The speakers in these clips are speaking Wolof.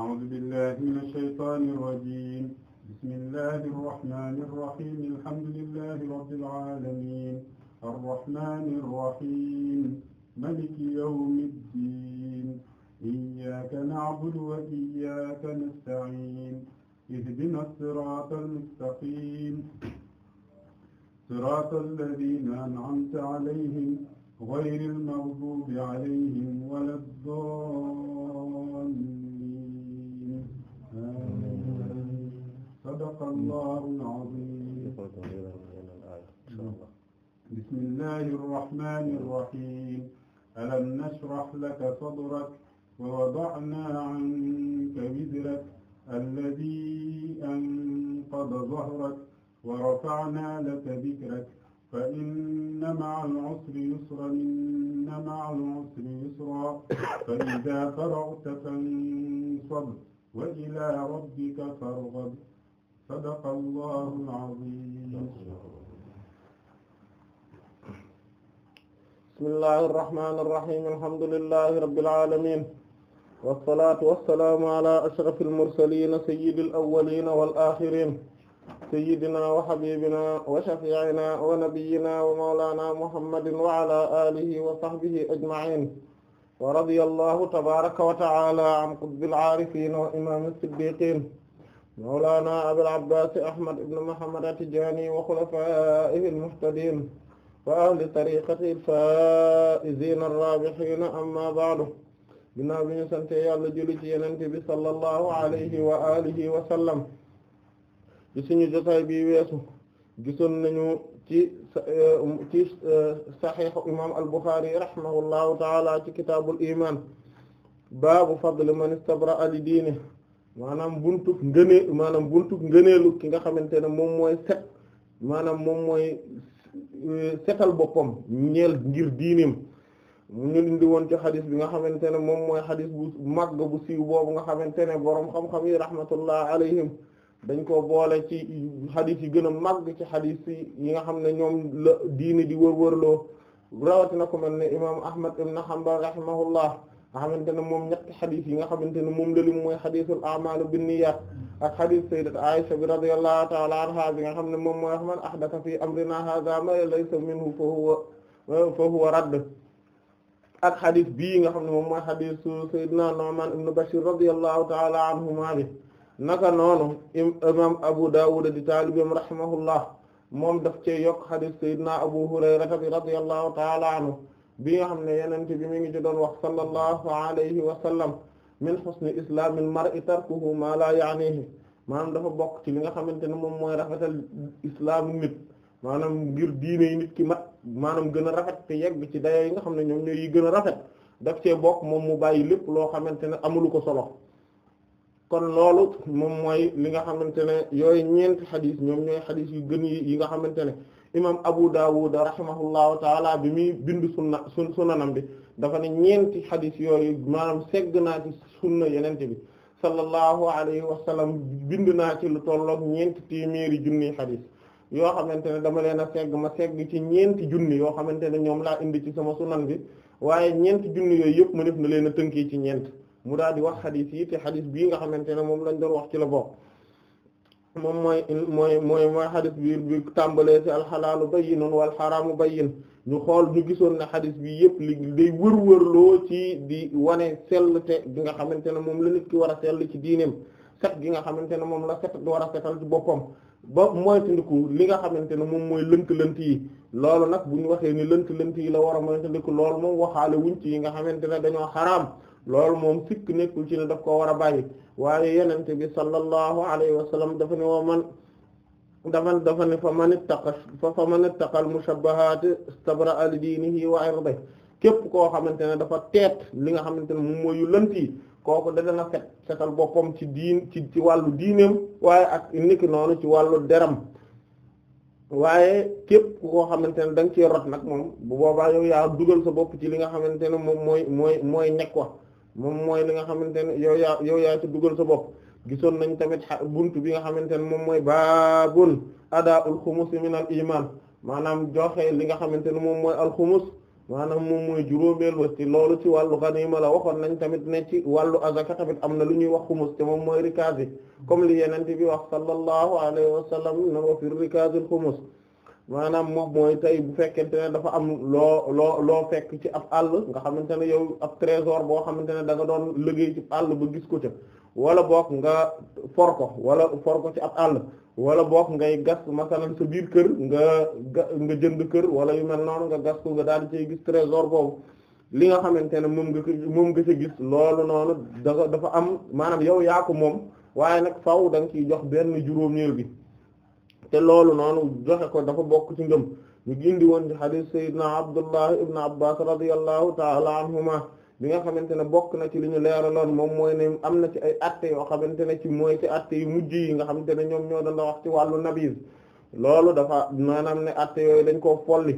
أعوذ بالله من الشيطان الرجيم بسم الله الرحمن الرحيم الحمد لله رب العالمين الرحمن الرحيم ملك يوم الدين إياك نعبد وإياك نستعين اهدنا الصراط المستقيم صراط الذين أنعمت عليهم غير المغضوب عليهم ولا الضالين sadaqallahul aziim bismillaahir rahmaanir rahiim alam nashrah laka sadrak wa wada'naa anka wizrak allazii anqada zahrak wa rafa'naa laka dhikrak فإن مع العسر يسرا إن مع العسر يسرا فإذا فرغت فانصب وإلى ربك فارغب sadaqallahul aziim bismillahir rahmanir rahim alhamdulillahi rabbil aalamiin wassalaatu wassalaamu alaa ashrafil mursaliin sayyidil awwaliin wal aaxiriin sayyidinaa wa habiibinaa wa shafii'inaa wa nabiyyinaa wa mawlaanaa muhammadin wa alaa aalihi wa sahbihi ajma'iin wa radiyallahu tabaaraka wa ta'aalaa an qutbil aarifiin wa imaamil siddiiqiin mawlaana abil abbaas ahmad ibn muhammad at-tijaani wa xulafaa'ihi al-muhtadiin wa ahli tariiqatihi al-faa'iziina ar-raabihiina amma ba'du ginnaaw bi ñu sante yàlla julli ci Yonent bi sallallahu alayhi wa alihi wa sallam ci suñu jotaay bi weesu gisoon nañu ci ci saxiix imaam al-Buxaari rahimahullahu ta'aala ci kitaabul iimaan baabu fadli man istabra'a li diinihi maanaam buntub ngënee maanaam buntub ngëneelu ki nga xamante ne moom mooy set maanaam moom mooy euh, setal boppam ñeel ngir diineem ñu indi woon ci bi nga xamante ne moom mooy xadis bu màgg bu siiw boobu nga xamante ne boroom xam-xam yi rahmatullah alayhim dañ ko boole ci xadis yi gën a màgg ci xadis yi nga xam ne ñoom la diine di wër-wërloo rawatina ko mel ne imaam Ahmad ibn Hanbal rahimahullah nga xamante moom ñetti xadis yi nga xamante ne moom la lim mooy xadisul a'maalu binniyaat ak xadis sayyidat Aisha bi radiyallahu ta'ala anha bi nga xam ne moom mooy man ahdatha fi amrina hadha ma laysa minhu fa huwa radd ak xadis bii nga xam ne moom mooy xadisu sayyidina Nu'man ibn Bashir radiyallahu ta'ala anhuma bi naka noonu imam Abu Dawud di taalibam rahimahullah moom daf cee yokk xadis sayyidina Abu Hurayra bi radiyallahu ta'ala anhu bi nga xam ne yenente bi mi ngi ci doon wax sallallahu alayhi wa sallam min husni islaamil mar'i tarkuhu ma la ya'nihi maanaam dafa bokk ci li nga xamante ne moom mooy rafetal islaamu nit maanaam ngir diine yi nit ki mat maanaam gën a rafet te yegg ci daya yi nga xam ne ñoom ñooy yi gën a rafet daf cee bokk moom mu bàyyi lépp loo xamante ne amulu ko solo kon loolu moom mooy li nga xamante ne yooyu ñeenti xadis ñoom ñooy xadis yu gën yi yi nga xamante ne imam Abu Dawud rahimahullahu taala bi muy bind sunna sun sunanam bi dafa ne ñeenti xadis yooyu maanaam segg naa ci sunna yenente bi sallallahu alayhi wa sallam bind naa ci lu tolloog ñeenti téeméeri junniy xadis yoo xamante ne dama leen a segg ma segg ci ñeenti junni yoo xamante ne ñoom laa indi ci sama sunan bi waaye ñeenti junni yooyu yëpp ma def na leen a tënkee ci ñeent mu daal di wax xadis yi te xadis bii nga xamante ne moom lañ doon wax ci la bokk moom mooy mooy mooy mooy xadis bi bi tàmbalee ci alxalaalu bayyinun wal xaraamu bayyin ñu xool ñu gisoon ne xadis bii yëpp li day wër-wërloo ci di wane sellte gi nga xamante ne moom la nit ki war a sell ci diineem set gi nga xamante ne moom la set war a setal ci boppam ba moytandiku li nga xamante ne moom mooy lënk lënt yi loolu nag bu ñu waxee ni lënk lënt yi la war a moytandiku loolu moom waxaale wuñ ci yi nga xamante ne dañoo xaraam loolu moom sikk nekkul ci ne daf ko war a bàyyi waaye yenente bi sallallahu alayhi wa sallam dafa ne woo man dafa dafa ne fa man ittaqa fa fa man ittaqa al mushabbahat istabra li diinihi wa irdihi képp koo xamante ne dafa teet li nga xamante ne moom mooy yu kooku da dana fet setal ci diin ci ci wàllu diineem waaye ak niki noonu ci wàllu deram waaye képp koo xamante ne da ci rot nag moom bu boobaa yow yaa dugal sa bopp ci li nga xamante ne moom mooy mooy mooy nekk wa moom mooy li nga xamante ne yow yaa yow yaa ci dugal sa bopp gisoon nañ tamit buntu bi nga xamante ne moom mooy baabun adaa ul xumus min al iman maanaam joxe li nga xamante ne moom mooy al xumus maanaam moom mooy juróomeel ba ci loolu ci wàllu ganima la waxoon nañ tamit ne ci a azaka tamit am na lu ñuy wax xumus te moom mooy rikaas yi comme li yenente bi wax sallallahu alayhi wa sallam na wa fir rikaas al xumus maanaam moom mooy tey bu fekkente ne dafa am loo loo loo fekk ci ab àll nga xamante ne yow ab trésor boo xamante ne da nga doon liggéey ci àll ba gis ko ca wala book nga for ko wala for ko ci ab àll wala book ngay gas masalan sa biir kër nga nga jënd kër wala yu mel noonu nga gas ko nga daal di cay gis trésor boobu li nga xamante ne moom nga moom nga ci gis loolu noonu dafa dafa am maanaam yow yaa ko moom waaye nag faaw da nga ciy jox benn juróom-ñeel bi. te loolu noonu joxe ko dafa bokk ci ngëm mu gindi woon ci hadith sayyidina abdullah ibn abbas radiyallahu ta'ala anhuma bi nga xamante ne bokk na ci li ñu moom mooy ne am na ci ay atte yoo xamante ne ci mooy ci atte yu mujj yi nga xamante ne ñoom ñoo doon wax ci wàllu nabiz loolu dafa maanaam ne atte dañ koo folli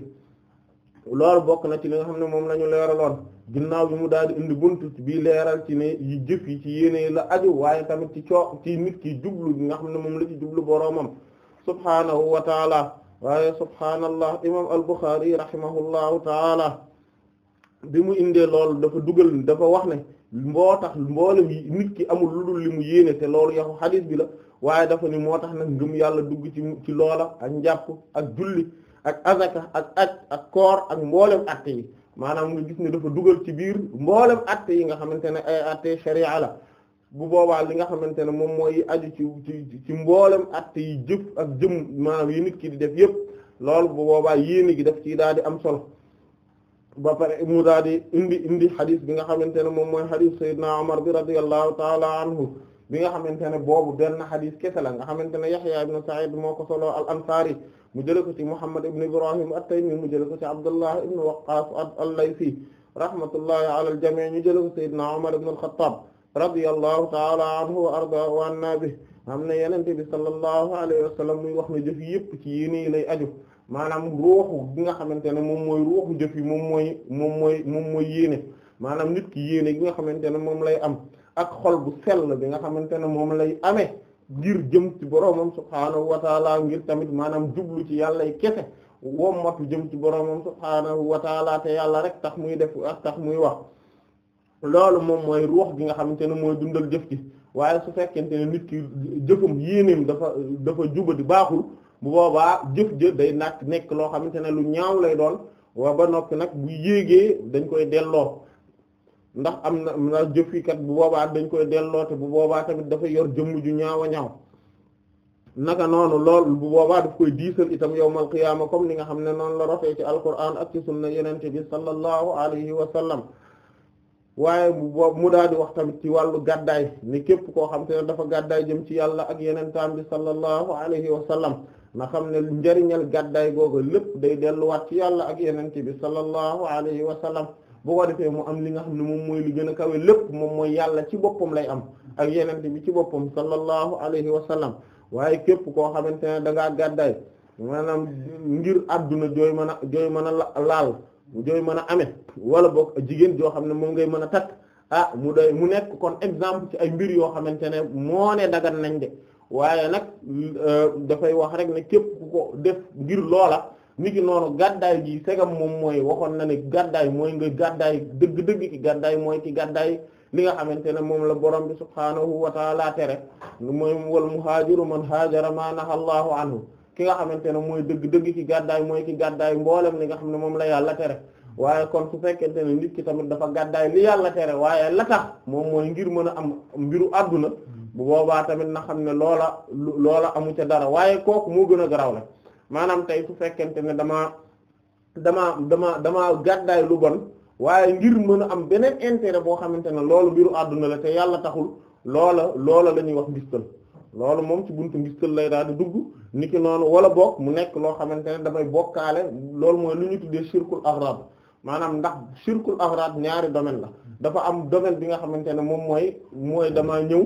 loolu bokk na ci li nga xam ne moom la ñu leeraloon ginnaaw bi mu daal di indi buntu bii leeral ci ne yi jëf yi ci yéene la aju waaye tamit ci coo ci nit ki jublu nga xam ne moom la ci jublu boroomam subhaanahu wa taala waaye subhaanallah imam al-Bukhari rahimahullahu taala bi mu indee lool dafa dugal dafa wax ne mboo tax mboolem yi nit ki amul lu dul li mu yéene te loolu yaxu xadiis bi la waaye dafa ni moo tax nag ngëm yàlla dugg ci ci loola ak njàpp ak julli ak azaka ak aj ak koor ak mboolem atti yi maanaam nga gis ne dafa dugal ci biir mboolem atte yi nga xamante ne ay atte la bu boobaa li nga xamante ne moom mooy aju ci ci ci mboolem at yi jëf ak jëm maanaam yi nit ki di def yëpp loolu bu boobaa yéene gi daf ciy daal di am solo ba pare mu daal di indi indi xadis bi nga xamante ne moom mooy xadis Seydina Omar bi radiyallahu taala anhu bi nga xamante ne boobu benn xadis kese la nga xamante ne Yahya ibn Sa'id moo ko solo al ansari mu jële ko ci Muhammad ibn Ibrahim at-Taymi mu jële ko ci Abdullah ibn Waqqas al-Laythi rahmatullahi ala al-jami' ñu jële ko Seydina Omar ibn al-Khattab radiyallahu taala anhu wa arda wa anna bi am na yenente bi sallallahu alayhi muy wax na jëf yépp ci yéene yi lay aju maanaam ruuxu gi nga xamante ne moom mooy ruuxu jëf yi moom mooy moom mooy moom mooy yéene maanaam nit ki yéene gi nga xamante ne moom lay am ak xol bu sell bi nga xamante ne moom lay ame ngir jëm ci boroomam subhaanahu wa taala ngir tamit maanaam jublu ci yàlla y kese wom jëm ci boroomam subhaanahu wa te yàlla rek tax muy def ak tax muy wax loolu moom mooy ruux bi nga xamante ne mooy dundal jëf gi waaye su fekkente ne nit ki jëfam yéeneem dafa dafa di baaxul bu boobaa jëf jë day nak nekk loo xamante ne lu ñaaw lay doon waa ba noppi nag bu yéegee dañ koy delloo ndax am na na jëf bu boobaa dañ koy delloo te bu boobaa tamit dafa yor jëmm ju ñaaw a ñaaw naka noonu loolu bu boobaa daf koy diisal itam yawmal qiyaama comme ni nga xam ne noonu la rafee ci alquran ak ci sunna yenente bi sallallahu alayhi wa sallam waaye mu daal di wax tamit ci wàllu gàddaay ni képp koo xam te ne dafa gàddaay jëm ci yàlla ak yenentaam bi sallallahu alayhi wa sallam na xam ne njariñal gàddaay googa lépp day delluwaat ci yàlla ak yenente bi sallallahu alayhi wa sallam bu ko defee mu am li nga xam ne moom mooy li gën a kawe lépp moom mooy yàlla ci boppam lay am ak yenente bi ci boppam sallallahu alayhi wa sallam waaye képp koo xamante ne danga ngaa gàddaay maanaam ngir adduna jooy mën a jooy mën a laal mu jooy mën a amee wala boog jigéen joo xam ne moom ngay mën a takk ah mu mu nekk kon exemple ci ay mbir yoo xamante ne moo ne nañ de waaye nag euh, dafay wax rek ne képp ko def ngir loola ni ki noonu gàddaay gi segam moom mooy waxoon na ne gàddaay mooy nga gàddaay dëgg-dëgg ki gàddaay mooy ki gàddaay li nga xamante ne moom la borom bi subhaanahu wa taala tere mooy wal muhaajiru man haajara ma naha Allahu anhu ki nga xamante ne mooy dëgg dëgg ci gàddaay mooy ci gàddaay mboolem li nga xam ne moom la yàlla tere waaye kon su fekkente ne nit ki tamit dafa gàddaay li yàlla tere waaye la tax moom mooy ngir mën a am mbiru àdduna bu boobaa tamit na xam ne loola loola amu ca dara waaye kooku moo gën a garaaw la maanaam tey su fekkente ne damaa damaa damaa damaa gàddaay lu bon waaye ngir mën a am beneen intérêt boo xamante ne loolu mbiru àdduna la te yàlla taxul loola loola la ñuy wax mbistal loolu moom ci buntu ngistal lay daal di dugg ki noonu wala bokk mu nekk loo xamante ne damay bokkaale loolu mooy lu ñu tuddee shirkul aghrab maanaam ndax shirkul aghrab ñaari domaine la dafa am domaine bi nga xamante ne moom mooy mooy dama ñëw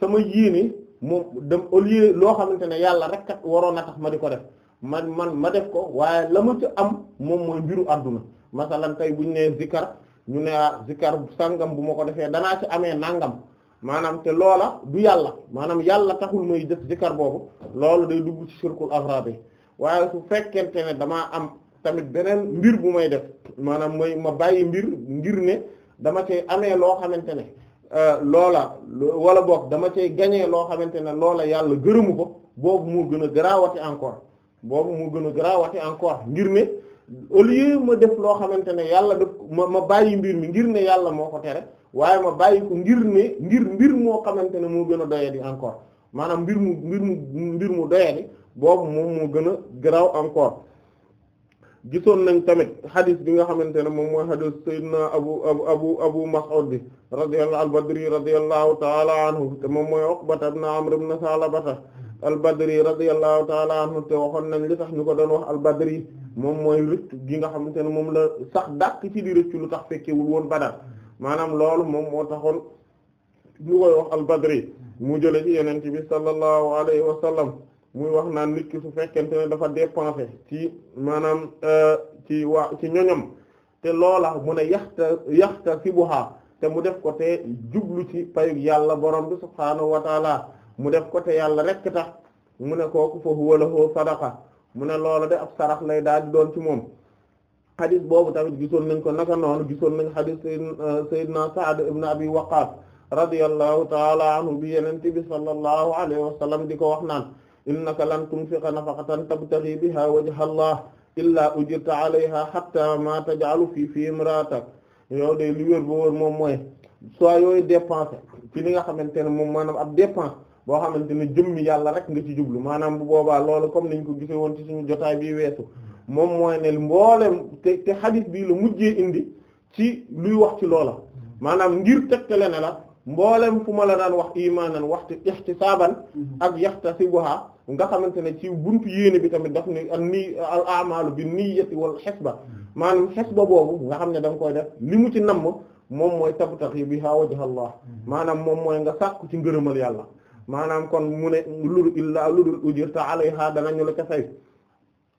sama yéene moom dem au lieu loo xamante ne yàlla rek waroon na tax ma di ko def man man ma def ko waaye la ma ci am moom mooy mbiru àdduna masalan tey bu ñu nee zikar ñu ne ah zikar sangam bu ma ko defee danaa ci amee nangam. maanaam te loola du yàlla maanaam yàlla taxul may def zikar boobu loolu day dugg ci shirkul afra bi waaye su fekkente ne damaa am tamit beneen mbir bu may def maanaam mooy ma bàyyi mbir ngir ne dama cay amee loo xamante ne euh, loola wala boog dama cay gañee loo xamante ne loola yàlla gërëmu ko boobu moo gën a garaawati encore boobu moo gën a garaawati encore ngir ne au lieu ma def loo xamante ne yàlla def ma bàyyi mbir mi ngir ne yàlla moo ko tere waaye ma bàyyi ko ngir ne ngir mbir moo xamante ne moo gën a doyadi encore maanaam mbir mu mbir mu mbir mu doyadi boobu moom moo gën a garaaw encore gisoon nañ tamit xadis bi nga xamante ne moom mooy xadis sayyidina abu abu abu mas'ud bi radiyallahu al-badri radiyallahu ta'ala anhu te moom mooy uqbata ibn amr ibn salabata al-badri waxoon nañ li tax ñu ko doon wax al-badri moom mooy rëcc gi nga xamante ne moom la sax dàq ci lu tax fekkewul woon badar maanaam loolu moom moo taxoon ñu koy wax al mu jële ci Yonent bi sallallahu alayhi wa muy wax naan nit ki su fekkente ne dafa dépensé ci maanaam euh, ci waa ci ñoñom te loola mu ne yaxta yaxta si buhaa te mu def ko te jublu ci payug yàlla borom bi subhaanahu wa mu def ko te yàlla rek tax mu ne kooku fa huwa lahu sadaqa mu ne loola de ab sarax lay daal di doon ci moom xadis boobu tamit gisoon nañ ko naka noonu gisoon nañ xadis sayyidina Sa'd ibn Abi Waqqas radiyallahu ta'ala anhu bi Yonent bi sallallahu alayhi wa sallam di ko wax naan innaka lan tunfiqa nafaqatan tabtaghi biha wajha Allah illa ujirta 'alayha hatta ma taj'alu fi fi imratak yow de li wér ba wóor moom mooy soit yooyu dépenser ci li nga xamante ne moom maanaam ab dépense boo xamante ne jëmmi yàlla rek nga ci jublu maanaam bu boobaa loolu comme niñ ko gisee woon ci suñu jotaay bi weesu moom mooy ne mboolem te te xadis bii lu mujjee indi ci luy wax ci loola maanaam ngir tegtale ne la mboolem fu ma la daan wax imaanan waxtu ihtisaaban mhm. ak si yahtasibuha nga xamante ne ci buntu yéene bi tamit daf ni an ni al a'malu bi niyyati wal hisba mhm. maanaam hisba boobu nga xam ne da nga koy def li mu ci namm moom mooy bi biha wajha Allah mhm. maanaam moom mooy nga sàkku ci ngërëmal yàlla maanaam kon mu ne lu dul illaa lu dul ujirta alayha danañu la ca fay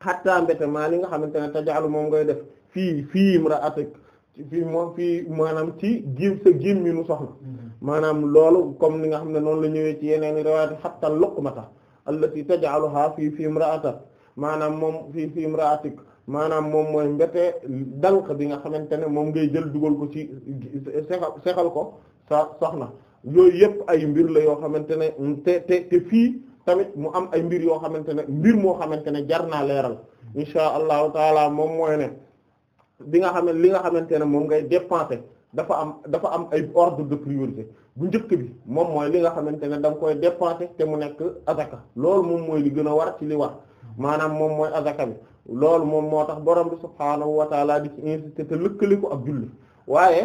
xatta mbete maa li nga xamante ne tajaalu moom ngay def fii fii imra'atik fii moom fii maanaam ci gim sa gim mi nu soxna mm-hmm. maanaam loolu comme ni nga xam ne noonu la ñëwee ci yeneen riwaayat xatta luqmata allati taj'aluha fii fii imra'atik maanaam moom fii fii imra'atik maanaam moom mooy mbete dank bi nga xamante ne moom ngay jël dugal ko ci sexal sexal ko sa soxna yooyu yëpp ay mbir la yoo xamante ne te fii tamit mu am ay mbir yoo xamante ne mbir moo xamante ne jar naa leeral insha allahu taala moom mooy ne bi nga xam li nga xamante ne moom ngay dépenser dafa am dafa am ay ordre de priorité bu njëkk bi moom mooy li nga xamante ne da koy dépenté te mu nekk azaka loolu moom mooy li gën a war ci li war maanaam moom mooy azaka bi loolu moom moo tax borom bi subhaanahu wa taala di ci insister te lëkkale ko ak julli waaye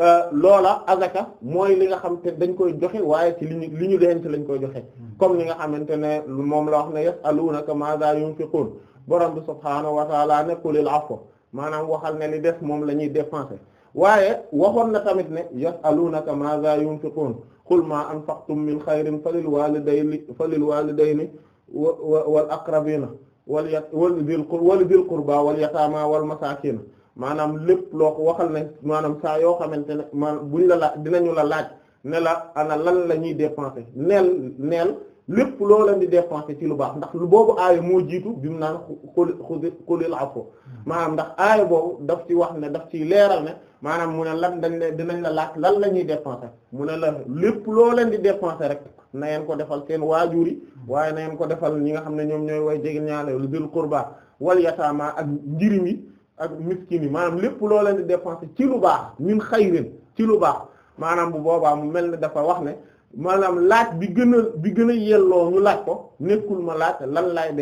Euh, loola azaka mooy li nga xam te dañ koy joxe waaye ci li ñu li ñu denc lañ koy joxe hmm. comme li nga xamante ne moom la wax ne yas'alunaka maza yunfiqun borom bi subhaanahu wa ta'ala ne qulil afwa maanaam waxal ne li def moom la ñuy dépenser waaye waxoon na tamit ne yas'alunaka maza yunfiqun qul ma anfaqtum min xayrin falil walidayni falil walidayni wal aqrabina wal wal dhil qurba wal yatama wal masakin maanaam lépp loo ko waxal ne maanaam saa yoo xamante ne maanaam buñ la laaj dinañu la laaj ne la ana lan la ñuy dépenser neel neel lépp loo leen di dépenser ci lu baax ndax lu boobu aaya moo jiitu bi mu naan xul xul xulil afo hmm. maanaam ndax aaya boobu daf ci wax ne daf ciy leeral maanaam mu ne lan dañ ne dinañ la laaj lan la ñuy dépenser mu ne la lépp loo leen di dépenser rek na ngeen ko defal seen waajur yi hmm. waaye na ngeen ko defal ñi nga xam ne ñoom ñooy way jege ñaareel dul qurba wal yataama ak njirim yi. ak miskin yi maanaam lépp loo leen di dépenser ci lu baax min xayrin ci lu baax maanaam bu boobaa mu mel ne dafa wax ne maanaam laaj bi gën a bi gën a yelloo ñu laaj ko nekkul ma laaj lan laay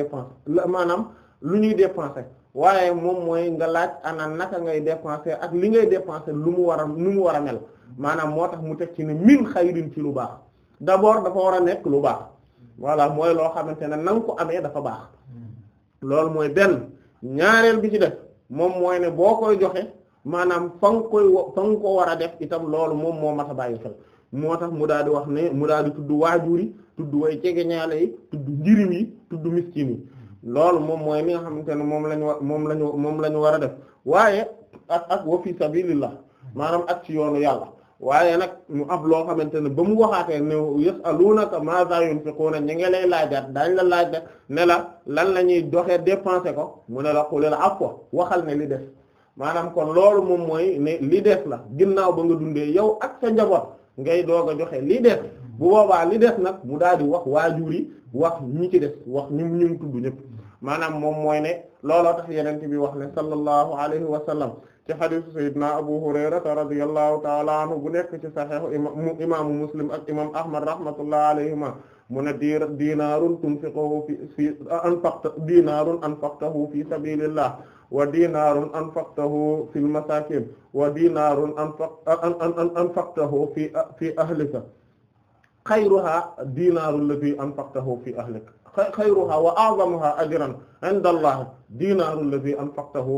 la maanaam lu ñuy dépenser waaye moom mooy nga laaj ana naka ngay dépenser ak li ngay dépenser lu mu war a lu mu war a mel maanaam moo tax mu teg ci ne miin xayrin ci lu baax d'abord dafa war a nekk lu baax voilà mooy loo xamante ne na nga ko amee dafa baax hmm. loolu mooy benn ñaareel bi ci def moom mooy ne boo koy joxe maanaam fa nga koy fa nga war a def itam loolu moom moo mat a bàyyi xel moo tax mu daal di wax ne mu daal di tudd waajur yi tudd way jegeñaale yi tudd njirim yi tudd miskin yi loolu moom mooy li nga xamante ne moom lañu wa moom lañu moom la ñu war a def waaye ak ak wa fi sabilillah maanaam ak ci yoonu yàlla waaye nag mu ab loo xamante ne ba mu waxaatee ne lu yasalunaka maza yunfiquna ñi ngi lay laajaat daañ la laaj ne la lan la ñuy doxee dépensé ko mu ne la xulil afwa waxal ne li des maanaam kon loolu moom mooy ne li des la ginnaaw ba nga dundee yow ak sa njaboot ngay doog a joxe li des bu boobaa li des nag mu daal di wax waajur yi wax ñi ci des wax ñu ñu tudd ñëpp maanaam moom mooy ne looloo tax yeneen bi wax ne sallallahu alayhi wa sallam ci xadisu sayidna abu hurayrata radiyallahu taala anhu bu nekk ci saxeexu imam imaamu muslim ak imam ahmad rahmatullah alayhima mu ne di dinaarun tunfiqahu fi fi anfaqta dinaarun anfaqtahu fi sabilillah wa dinaarun anfaqtahu fil masakin wa dinaarun anfaqtahu fi fi ahlika xayruha dinaarun lati anfaqtahu fi ahlika xayruha wa a'zamuha ajran inda allah dinaarun lati anfaqtahu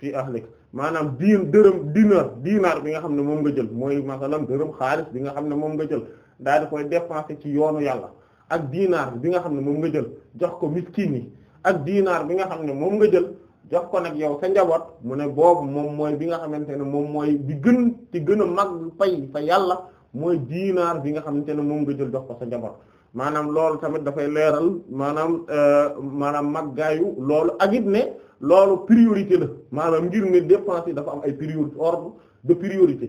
fi ahlika maanaam diin dërëm dinar dinar bi nga xam ne moom nga jël mooy masalan dërëm xaalis bi nga xam ne moom nga jël daal di koy dépenser ci yoonu yàlla ak dinar bi nga xam ne moom nga jël jox ko miskin yi ak dinar bi nga xam ne moom nga jël jox ko nag yow sa njaboot mu ne boobu moom mooy bi nga xamante ne moom mooy bi gën ci gën a mag fay fa yàlla mooy dinar bi nga xamante ne moom nga jël jox ko sa njaboot maanaam loolu tamit dafay leeral maanaam euh, maanaam màggaayu loolu ak it ne loolu priorité la maanaam ngir ne dépense dafa am ay priorité ordre de priorité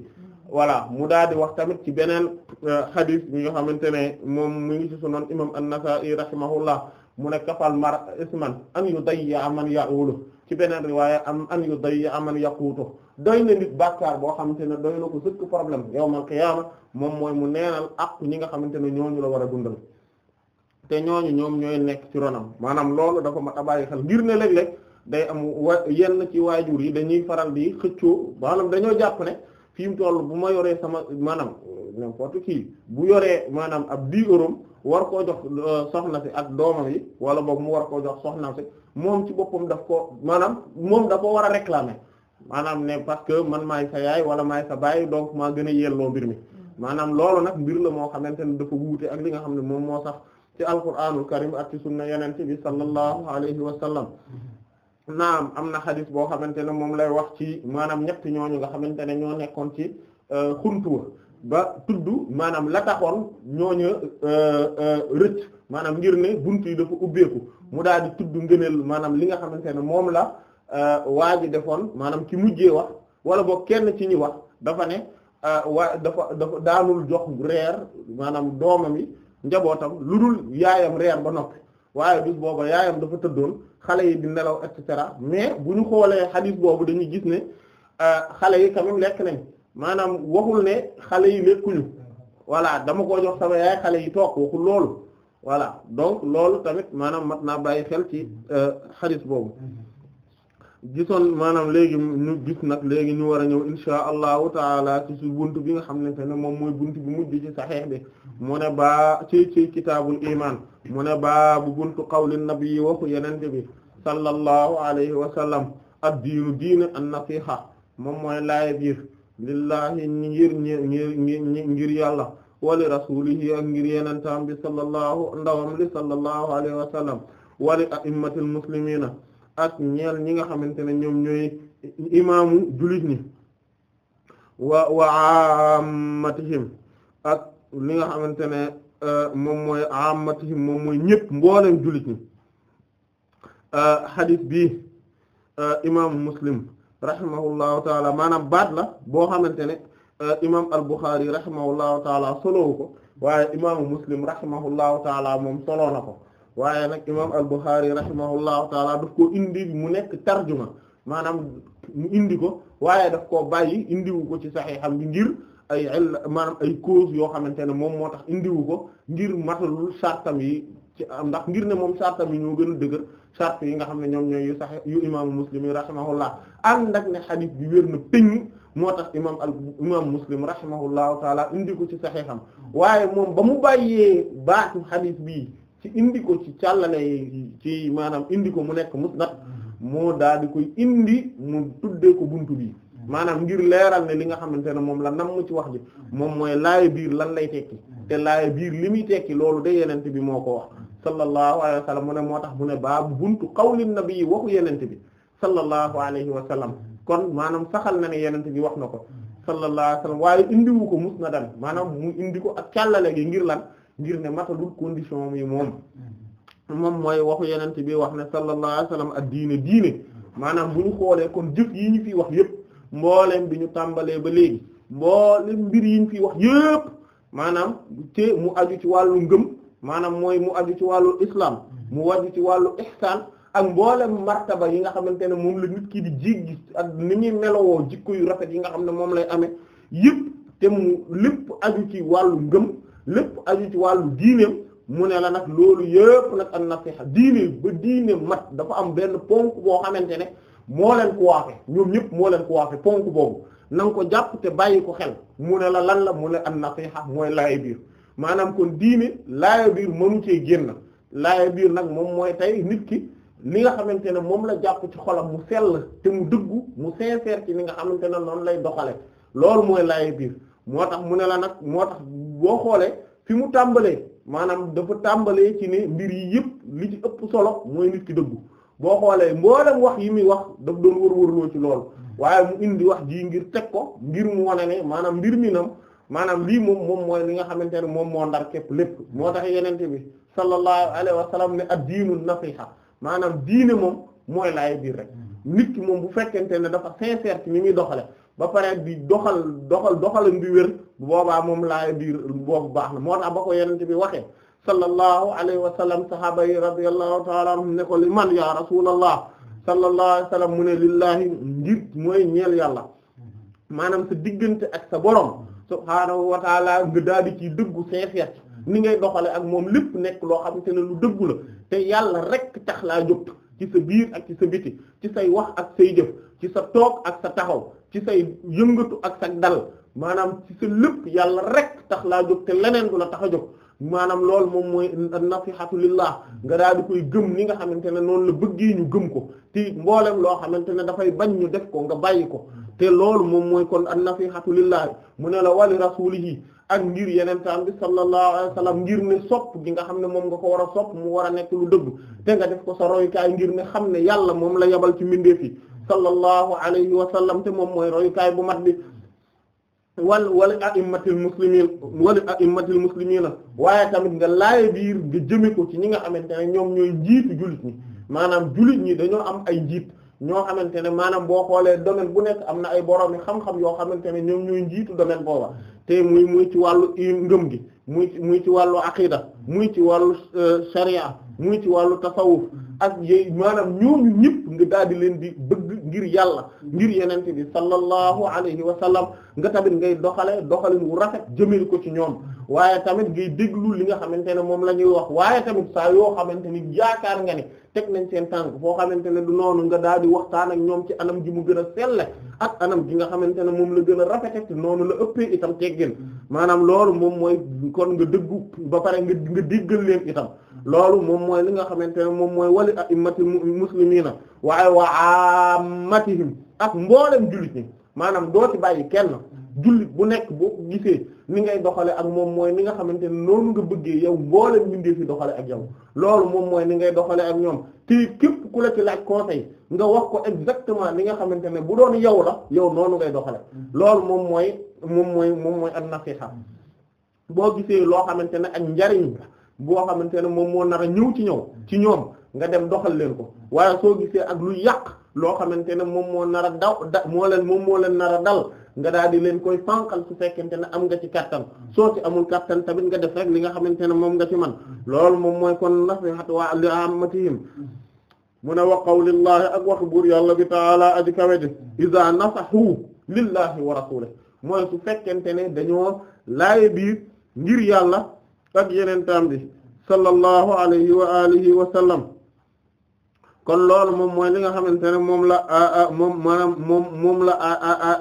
voilà mu daal di wax tamit ci beneen xadis euh, bi nga xamante ne moom mu ngi ci sunan imam an-Nasa'i rahimahullah mu ne kafal mar isman an yu dayya man ya'ulu ci beneen riwaaya am an yu dayya man yaqutu doy na nit bàkkaar boo xamante ne doy na ko sëkk problème yawmal qiyaama moom mooy mu neenal ak ñi nga xamante ne ñooñu la war a dundal te ñooñu ñoom ñooy nekk ci ronam maanaam loolu dafa mat a bàyyi xel ngir ne léeg-léeg day am wa yenn ci waajur yi dañuy faral di xëccoo maanaam dañoo jàpp ne fi mu toll bu ma yoree sama maanaam n'importe qui bu yoree maanaam ab 10 war koo jox euh, soxna si ak doomam yi wala boog mu war koo jox soxna si moom ci boppam daf ko maanaam moom dafa war a réclamer maanaam ne parce que man maay sa yaay wala maay sa baay donc maa gën a yelloo mbir mi mm. maanaam loolu nag mbir la moo xamante ne dafa wuute ak li nga xam ne moom moo sax ci alquraanul karim ak ci sunna yenente bi sallallahu alayhi wa sallam naam am na xadis boo xamante ne moom lay wax ci maanaam ñett ñooñu nga xamante ne ñoo nekkoon ci euh, xuntu ba tudd maanaam la taxoon ñooñu euh, euh, rëcc maanaam ngir ne bunt yi dafa ubbeeku mu daal di tudd ngëneel maanaam li nga xamante ne moom la waa ji defoon maanaam ki mujjee wax wala boog kenn ci ñi wax dafa ne waa dafa dafa daanul jox reer maanaam doomam yi njabootam lu dul yaayam reer ba noppi waaye bis booba yaayam dafa tëddoon xale yi di nelaw et mais bu ñu xoolee xadiis boobu dañuy gis ne euh, xale yi quand lekk nañ maanaam waxul ne xale yi lekkuñu voilà dama ko jox sama yaay xale yi toog waxul loolu voilà donc loolu tamit maanaam mat naa bàyyi xel ci euh, xalis boobu. gisoon maanaam léegi ñu gis nag léegi ñu war a ñëw insha allahu taala ci su bunt bi nga xamante ne moom mooy bunt bi mujj ci saxiix bi mu ne baa ci ci kitaabul imaan mu ne baa bu buntu qawli nabi waxu yenente bi sallallahu alayhi wa sallam ad diinu diina an nasiha moom mooy laaya biir lillahi ngir ngir ngir yàlla wali rasulihi ak ngir yenentaam bi sallallahu ndawam li sallallahu alayhi wa sallam wali a'immatil muslimina ak ñeel ñi nga xamante ne ñoom ñooy imaamu jullit ñi wa wa ammatihim ak li nga xamante ne euh, moom mooy ammatihim moom mooy ñëpp mboolem jullit ñi hadith euh, bi euh, imaamu muslim rahimahullahu taala maanaam baat la boo xamante ne imaam al-Bukhari rahimahullahu taala soloowu ko waaye imaamu muslim rahimahullahu taala moom soloo na ko waaye nag imam al-Bukhari rahimahullahu taala daf koo indi mu nekk tarjuma maanaam mu indi ko waaye daf koo bàyyi indiwu ko ci saxiixam bi ngir ay illa maanaam ay cause yoo xamante ne moom moo tax indiwu ko ngir matalul sartam yi ci am ndax ngir ne moom sartam yi ñoo gën a dëgër sart yi nga xam ne ñoom ñooy yu sax yu imaamu muslim yi rahimahullah ànd ak ne bi wér na péñ moo tax imaam al imaam muslim rahimahullahu taala indi ko ci saxiixam waaye moom ba mu bàyyee baatu xadis bii ci indi ko ci càllale ci maanaam indi ko mu nekk musnad moo daal di koy indi mu tuddee ko buntu bi maanaam ngir leeral ne li nga xamante ne moom la nam ci wax ji moom mooy laaya biir lan lay tekki te laaya biir li muy tekki loolu de yenente bi moo ko wax sallallahu alayhi wa sallam mu ne moo tax mu ne baabu buntu qawli nabi waxu yenente bi sallallahu alayhi wa sallam kon maanaam saxal na ne yenente bi wax na ko sallallahu alayhi wa sallam waaye indiwu ko musnadan maanaam indi ko ak càllale gi ngir lan ngir ne matalul condition mi moom mm-hmm. moom mooy waxu yenente bi wax ne sallallahu alayhi wasallam ak diine diine maanaam bu ñu xoolee kon jëf yi ñu fi wax yépp mbooleem bi ñu tàmbalee ba léegi mbooleem mbir yi ñu fi wax yépp maanaam te mu aju ci wàllu ngëm maanaam mooy mu aju ci wàllu islam mu mm-hmm. aju ci wàllu ihsan ak mboolem martaba yi nga xamante ne moom la nit ki di jéggi ak ni ñuy melowoo jikko yu rafet yi nga xam ne moom lay amee yëpp te mu lépp aju ci wàllu ngëm lépp aju ci wàllu diineem mu ne la nag loolu yëpp nag an nasiha diine ba diine mat dafa am benn ponk boo xamante ne moo leen ko waafe ñoom ñëpp moo leen ko waafe ponk boobu na ko jàpp te bàyyi ko xel mu ne la lan la mu ne an nasiha mooy laaya biir maanaam kon diine laaya biir mënu cee génn laaya biir nag moom mooy tey nit ki li nga xamante ne moom la jàpp ci xolam mu sell te mu dëggu mu sincère ci li nga xamante ne noonu lay doxale loolu mooy moo la nag boo xoolee fi mu tàmbalee maanaam dafa tàmbalee ci ne mbir yi yëpp li ci ëpp solo mooy nit ki dëggu boo xoolee mboolem wax yi muy wax daf doon wër-wërloo ci loolu waaye mu indi wax jii ngir teg ko ngir mu wane ne maanaam mbir mi nam maanaam lii moom moom mooy li nga xamante ne moom moo ndar képp lépp moo tax yenente bi sallallahu alayhi wa sallam ne ad diinu nasiha maanaam diine moom mooy laay biir rek nit ki moom bu fekkente ne dafa sincère ci ni muy doxale ba pare di doxal doxal doxalan bi wér boobaa moom laay biir boobu baax na moo tax ba ko yenente bi waxee sallallahu alayhi wa sallam sahaaba yi radiyallahu ta'ala anhum ne ko li man ya rasulallah sallallahu alayhi wa sallam mu ne lillahi ngir mooy ñeel yàlla maanaam sa diggante ak sa borom subhaanahu wa ta'ala nga daal di ciy dëggu sincère ni ngay doxale ak moom lépp nekk loo xamante ne lu dëggu la te yàlla rek tax laa jóg ci sa biir ak ci sa biti ci say wax ak say jëf ci sa toog ak sa taxaw ci say yëngatu ak sa dal maanaam ci sa lépp yàlla rek tax laa jóg te leneen du la tax a jóg maanaam loolu moom mooy nasihatu lillah nga daal di koy gëm ni nga xamante ne noonu la bëggee ñu gëm ko te mboolem loo xamante ne dafay bañ ñu def ko nga bàyyi ko te loolu moom mooy kon an nasihatu lillah mu ne la wali rasulihi ak ngir yeneen bi sallallahu alayhi wa sallam ngir ne sopp gi nga xam ne moom nga ko war a sopp mu war a nekk lu dëgg te nga def ko sa royukaay ngir ne xam ne yàlla moom la yabal ci mbindeef yi sallallahu alayhi wa sallam te moom mooy royukaay bu mat bi wal wali a'immatil muslimin wali a'immatil muslimina waaye tamit nga laaya biir nga jëme ko ci ñi nga xamante ne ñoom ñooy jiitu julit ñi maanaam jullit ñi dañoo am ay jiit ñoo xamante ne maanaam boo xoolee domaine bu nekk am na ay boroomi xam-xam yoo xamante ne ñoom ñooy njiitu domaine booba te muy muy ci wàllu ngëm gi muy muy ci wàllu aqida muy ci wàllu euh, sharia muy ci wàllu tasawuf ak yooyu maanaam ñooñu ñëpp nga daal di leen di bëgg ngir yàlla ngir yenente bi sallallahu alayhi wa sallam nga tamit ngay doxale doxalin wu rafet jëmel ko ci ñoom waaye tamit ngay déglu li nga xamante ne moom la ñuy wax waaye tamit yoo xamante ni yaakaar nga ne teg nañ seen tànk foo xamante ne du noonu nga daal di waxtaan ak ñoom ci anam ji mu gën a selle ak anam gi nga xamante ne moom la gën a rafet te noonu la ëppee itam teggin maanaam loolu moom mooy kon nga dëggu ba pare nga nga leen itam loolu moom mooy li nga xamante ne moom mooy wali a'immatil muslimiina waaye waa wa ammatihim ak mboolem jullit ñi maanaam doo ci bàyyi kenn jullit bu nekk boo ko gisee ni ngay doxale ak moom mooy ni nga xamante ne noonu nga bëggee yow mboolem ñu fi doxale ak yow loolu moom mooy ni ngay doxale ak ñoom te képp ku la ci laaj conseil nga wax ko exactement li nga xamante ne bu doon yow la yow noonu ngay doxale loolu moom mooy moom mooy moom mooy an boo gisee loo xamante ne ak njariñ la boo xamante ne moom moo nar a ñëw ci ñëw ci ñoom nga dem doxal leen ko waaye soo gisee ak lu yàq loo xamante ne moom moo nara a daw da moom moo leen nara a dal nga daal di leen koy fanqal su fekkente ne am nga ci kattan soo ci amul kattan tamit nga def rek li nga xamante ne moom nga ci man loolu moom mooy kon nasihat wa li ammatihim mu ne wa qawlillahi ak wax buur yàlla bi taala aji kawe ji iza nasahu lillahi wa rasulih mooy su fekkente ne dañoo laaye biir ngir yàlla ak yenentaam bi sallallahu alayhi wa alihi wa kon loolu moom mooy li nga xamante ne moom la moom maanaam moom moom la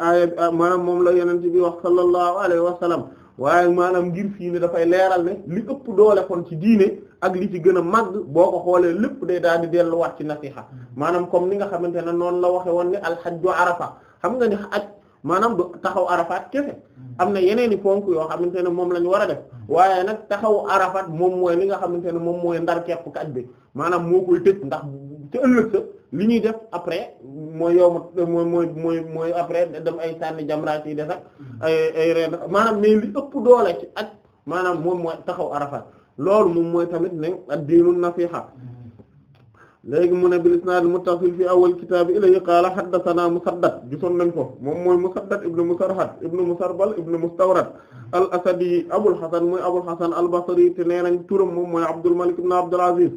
aya maanaam moom la yenent bi wax sallallahu alayhi wa sallam waaye maanaam ngir fii ne dafay leeral ne li ëpp doole kon ci diine ak li ci gën a màgg boo ko xoolee lépp day daal di delluwaat ci nasiha maanaam comme ni nga xamante ne noonu la waxe woon ne alxajju arafa xam nga ni aj maanaam taxaw arafat kese am na yeneen i ponk yoo xamante ne moom la ñu war a def waaye nag taxaw arafat moom mooy li nga xamante ne moom mooy ndar kepp kaj bi maanaam moo koy ndax ci ëllëg sa li ñuy def après mooy yow mooy mooy mooy mooy après dem ay sànni jamraat yi des ak ay maanaam mais ëpp doole ci ak maanaam moom mooy taxaw arafat loolu moom mooy tamit ne ad diinu nasiha léegi mu ne bil isnaad muttasil fi awwal kitaab ilayhi qaala haddasanaa Musaddad gisoon nañ ko moom mooy Musaddad ibn Musarhad ibn Musarbal ibn Mustawrad al asadi Abul Hasan mooy Abul Hasan al Basri te nee nañ turam moom mooy Abdul Malik ibn Abdul Aziz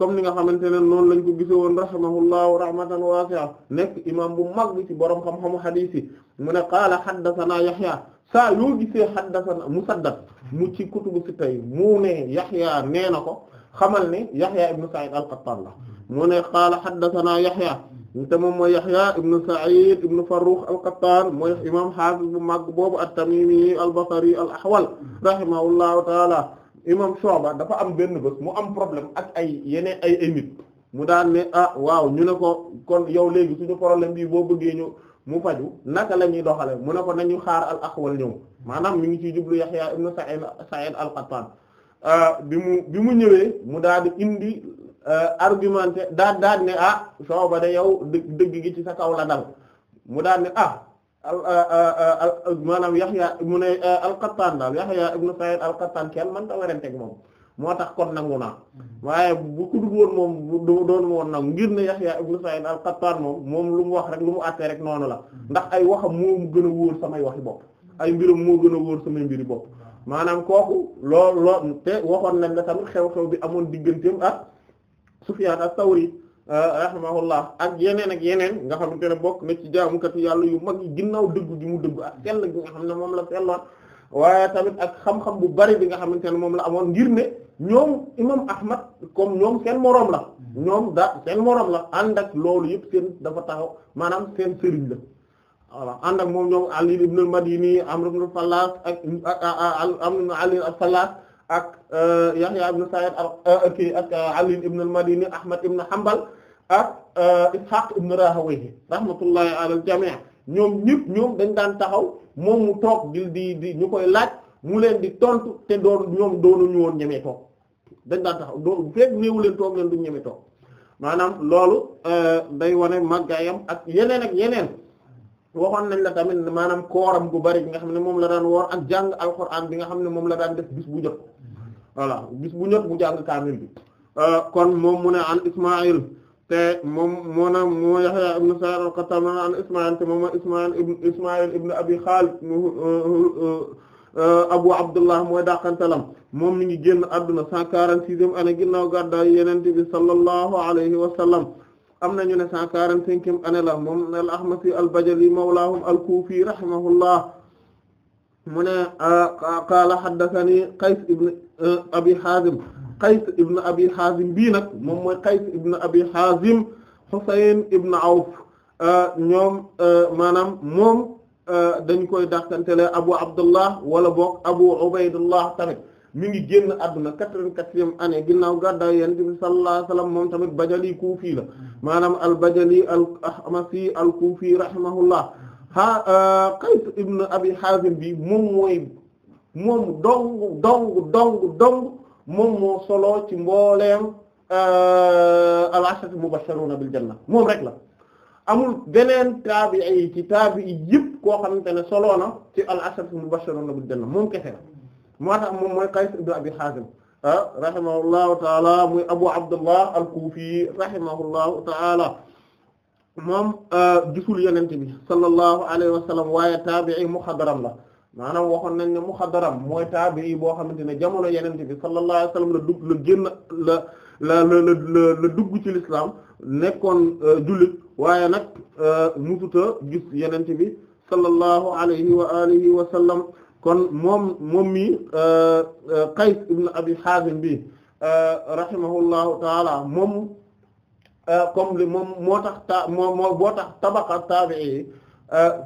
comme ni nga xamante ne noonu lañ ko gise woon rahimahullahu rahmatan waasi'a nekk imam bu mag ci borom xam-xamu hadis yi mu ne qaala haddasanaa Yahya saa yoo gisee haddasanaa Musaddad mu ci kutubu sitta yi mu ne Yahya nee na ko. xamal ne Yahya ibn Sa'id al-Qattan la mu ne qaala haddathana Yahya te moom mooy Yahya ibn Sa'id ibn Farrukh al-Qattan mooy imam hafiz bu mag boobu at-Tamimi al-Basri al-Ahwal rahimahullahu taala imam Shu'ba dafa am benn bés mu am problème ak ay yeneen ay ay nit mu daan ne ah waaw ñu ne ko kon yow léegi suñu problème bi boo bëggee ñu mu faju naka la ñuy doxale mu ne ko nañu xaar al-Ahwal ñëw maanaam mi ngi ciy jublu Yahya ibn Sa'id Sa'id al bi mu bi mu ñëwee mu daal di indi argumenté daal daal ne ah soo ba de yow dë dëgg ci sa kaw la dal mu daal ne ah maanaam Yahya mu ne al-Qattan daal Yahya ibn Sa'id al-Qattan kenn man ta teg moom moo tax kon nangu naa mm-hmm. waaye bu ku dul woon moom doon woon nag ngir ne Yahya ibn Sa'id al-Qattan moom moom lu mu wax rek lu mu àttee rek noonu la mm-hmm. ndax ay waxam moo gën a wóor samay waxi bopp ay mbiram moo gën a wóor samay mbiri bopp maanaam kooku loo loo te waxoon nañ la tamit xew-xew bi amoon digganteem ak Sufyaan as-Sawri euh, rahimahullah ak yeneen ak yeneen nga xamante ne bokk na ci jaamukatu yàlla yu mag yi ginnaaw dëgg gi mu dëgg ak sell gi nga xam ne moom la selloon waaye tamit ak xam-xam bu bari bi nga xamante ne moom la amoon ngir ne ñoom imam Ahmad comme ñoom kenn moroom la mm. ñoom da seen moroom la ànd ak loolu yëpp seen dafa taxaw maanaam seen sëriñ la voilà ànd ak moom ñoom Ali ibn al-Madini Amr ibn al-Fallas ak Amr ibn Ali ak kii euh, ak euh, euh, Ali ibn al-Madini Ahmad ibn Hanbal ak Ishaq ibn Rahawayhi rahmatullahi ala al-jami' ñoom ñëpp ñoom dañ daan taxaw moom mu toog di di ñu koy laaj mu leen di tontu te doon ñoom doonuñu woon ñemee toog dañ daan taxaw doon fekk néewu leen toog leen duñ ñemee toog maanaam loolu day wone màggaayam ak yeneen ak yeneen waxoon nañ la tamit maanaam kooram gu bari bi nga xam ne moom la daan woor ak jàng alquran bi nga xam ne moom la daan def bis bu jot voilà bis bu jot bu jàng kaamil bi euh, kon moom mu ne an Ismaïl te moom moo na moo Yahya ibn Sa'id al-Qattan moo an Ismaïl te moom Ismaïl ibn Ismaïl ibn Abi Khalid euh, euh, Abu Abdullah mooy dàqantalam moom mi ngi génn àdduna 146e année ginnaaw gàddaay Yonent bi sallallahu alayhi wa sallam am nañu ne cent quarante-cinquième année la moom al Ahmasi al Bajali mawlaahum al Kufi rahimahullah mu ne qaala haddathani Qays ibn Abi Hazim Qays ibn Abi Hazim bii nag moom mooy Qays ibn Abi Hazim Husayn ibn Awf ñoom maanaam moom dañ koy dàqantele Abu Abdullah wala boog Abu Ubaydullah tamit mi ngi génn àdduna quatre-vingt-quatrième année ginnaaw gàddaay yonent bi sallallahu alayhi wasallam moom tamit bajali kuufi la maanaam al bajali al ahmasi al kuufi rahimahullah ha euh, Qays ibn Abi Hazim bi moom mooy moom dong dong dong dong moom moo solo ci mbooleem euh, al ashara mubashiruna bil janna moom rek la amul beneen taabi'i ci taabi'i yëpp koo xamante ne solo na ci al ashara mubashiruna bil janna moom kese la moo tax moom mooy Qays ibn Abi Hazim rahimahullahu taala muy Abu Abdullah al-Kufi rahimahullahu taala moom euh, gisul yonent bi sallallahu alayhi wa sallam waaye taabi'i muxadaram la maanaam waxoon nañ ne muxadaram mooy taabi'i boo xamante ne jamono yonent bi sallallahu alayhi wa sallam la dugg la génn la dugg ci lislaam nekkoon euh, jullit waaye nag euh, musuta gis yonent bi sallallahu alayhi wa alihi wa kon moom moom mi euh, euh, Qays ibn Abi Hazim bi euh, rahimahullahu taala moom comme li moom moo tax ta moo moo boo tax tabaqa taabi'i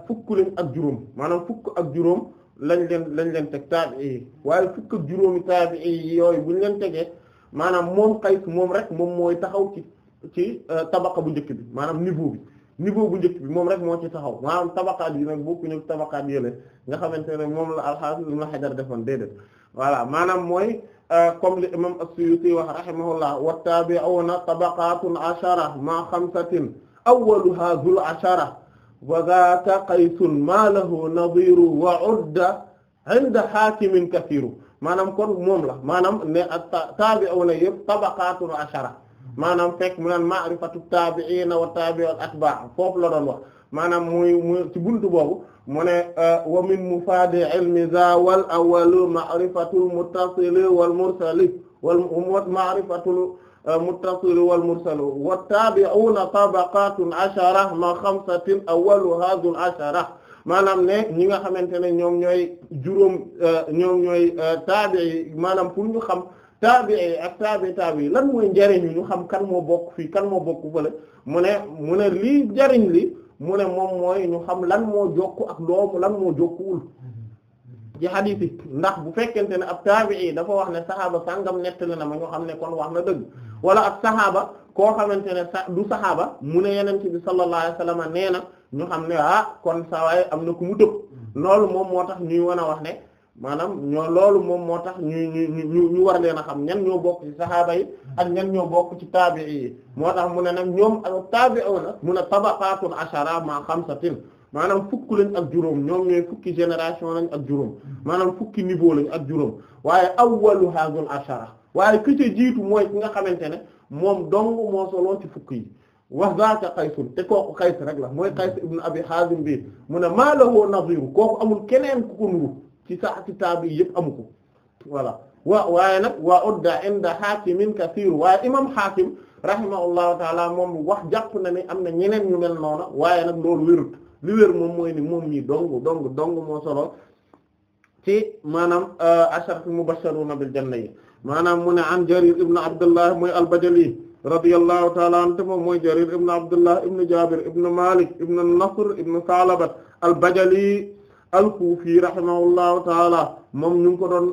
fukk leen ak juróom maanaam fukk ak juróom lañ leen lañ leen teg taabi'i yi waaye fukk ak juróomi taabi'i yi yooyu buñ leen tegee maanaam moom Qays moom rek moom mooy taxaw ci ci tabaqa bu njëkk bi maanaam niveau bi niveau bu njëkk bi moom rek moo ci taxaw maanaam tabaqaat yi nag bokkuñu tabaqaat yële nga xamante ne moom la al-Hafiz Ibn Hajar defoon déedéet voilà maanaam mooy euh, comme li imam as-Suyuti wax rahimahullah wa tabi'una tabaqatun ashara ma xamsatin awwaluha dhul ashara wa dhaka qaysun ma lahu nadhiru wa udda 'inda hakimin kathiru maanaam kon moom la maanaam ne at tabi'una yëpp tabaqatun ashara maanaam fekk mu naan ma'rifatu tabi'ina wa tabi'ul atba' foofu la doon wax maanaam muy muy ci buntu boobu mu ne euh, wa min mufaadi ilmi za wal awwalu ma'rifatul muttasili wal mursali wal ma'rifatul euh, muttasil wal mursal wa tabi'una tabaqatun ashara ma xamsatin awwalu hadhihi ashara maanaam ne ñi nga xamante ne ñoom ñooy juróom euh, ñoom ñooy taabi maanaam pour ñu xam taabii ak taabi taabi lan mooy njariñ ñu xam kan moo bokk fii kan moo bokk fële mu ne mu ne lii njariñ li mu ne moom mooy ñu xam lan moo jokk ak doomu lan moo jokkuwul ci xadiis yi ndax bu fekkente ne ab taabii dafa wax ne saxaaba sàngam nettali na ma ñu xam ne kon wax na dëgg wala ab saxaaba koo xamante ne sa du saxaaba mu ne yenente bi sallallahu alayhi wasallam nee na ñu xam ne ah kon saa am na ku mu tëb loolu moom moo tax ñuy wan a wax ne maanaam ñoo loolu moom moo tax ñu ñu ñu war leen a xam ñan ñoo bokk ci saxaaba yi ak ñan ñoo bokk ci taabi'i yi moo tax mu ne nag ñoom ak taabi'una mu ne tabaqatun ashara ma xamsatin maanaam fukk lañ ak juróom ñoom fukki génération ak juróom maanaam fukki niveau lañ ak juróom waaye awwalu hazul ashara waaye ki ci jiitu mooy ki nga xamante ne moom dong moo ci fukk yi wax zaaka Qaysun te kooku Qays rek la mooy Qays ibn Abi Hazim bi mu ne maa lahu nadiru kooku amul keneen ku ko ci sa taabi yëpp amu ko wa waa waaye nag waa udda inda xaakimin kasiir waaye imam xaakim rahimahullahu moom wax jàpp na ni am na ñeneen ñu mel noona waaye nag loolu wérut li wér moom mooy ni moom ñi dong dong dong moo solo ci maanaam euh, asharatu mubashiruna bil janna yi maanaam mu ne an jarir ibn abdullah mooy albajali radiyallahu taala an te mooy jarir ibn abdullah ibn jabir ibn malik ibn nasr ibn salabat albajali al-Kufi rahimahullahu taala moom ñu ngi ko doon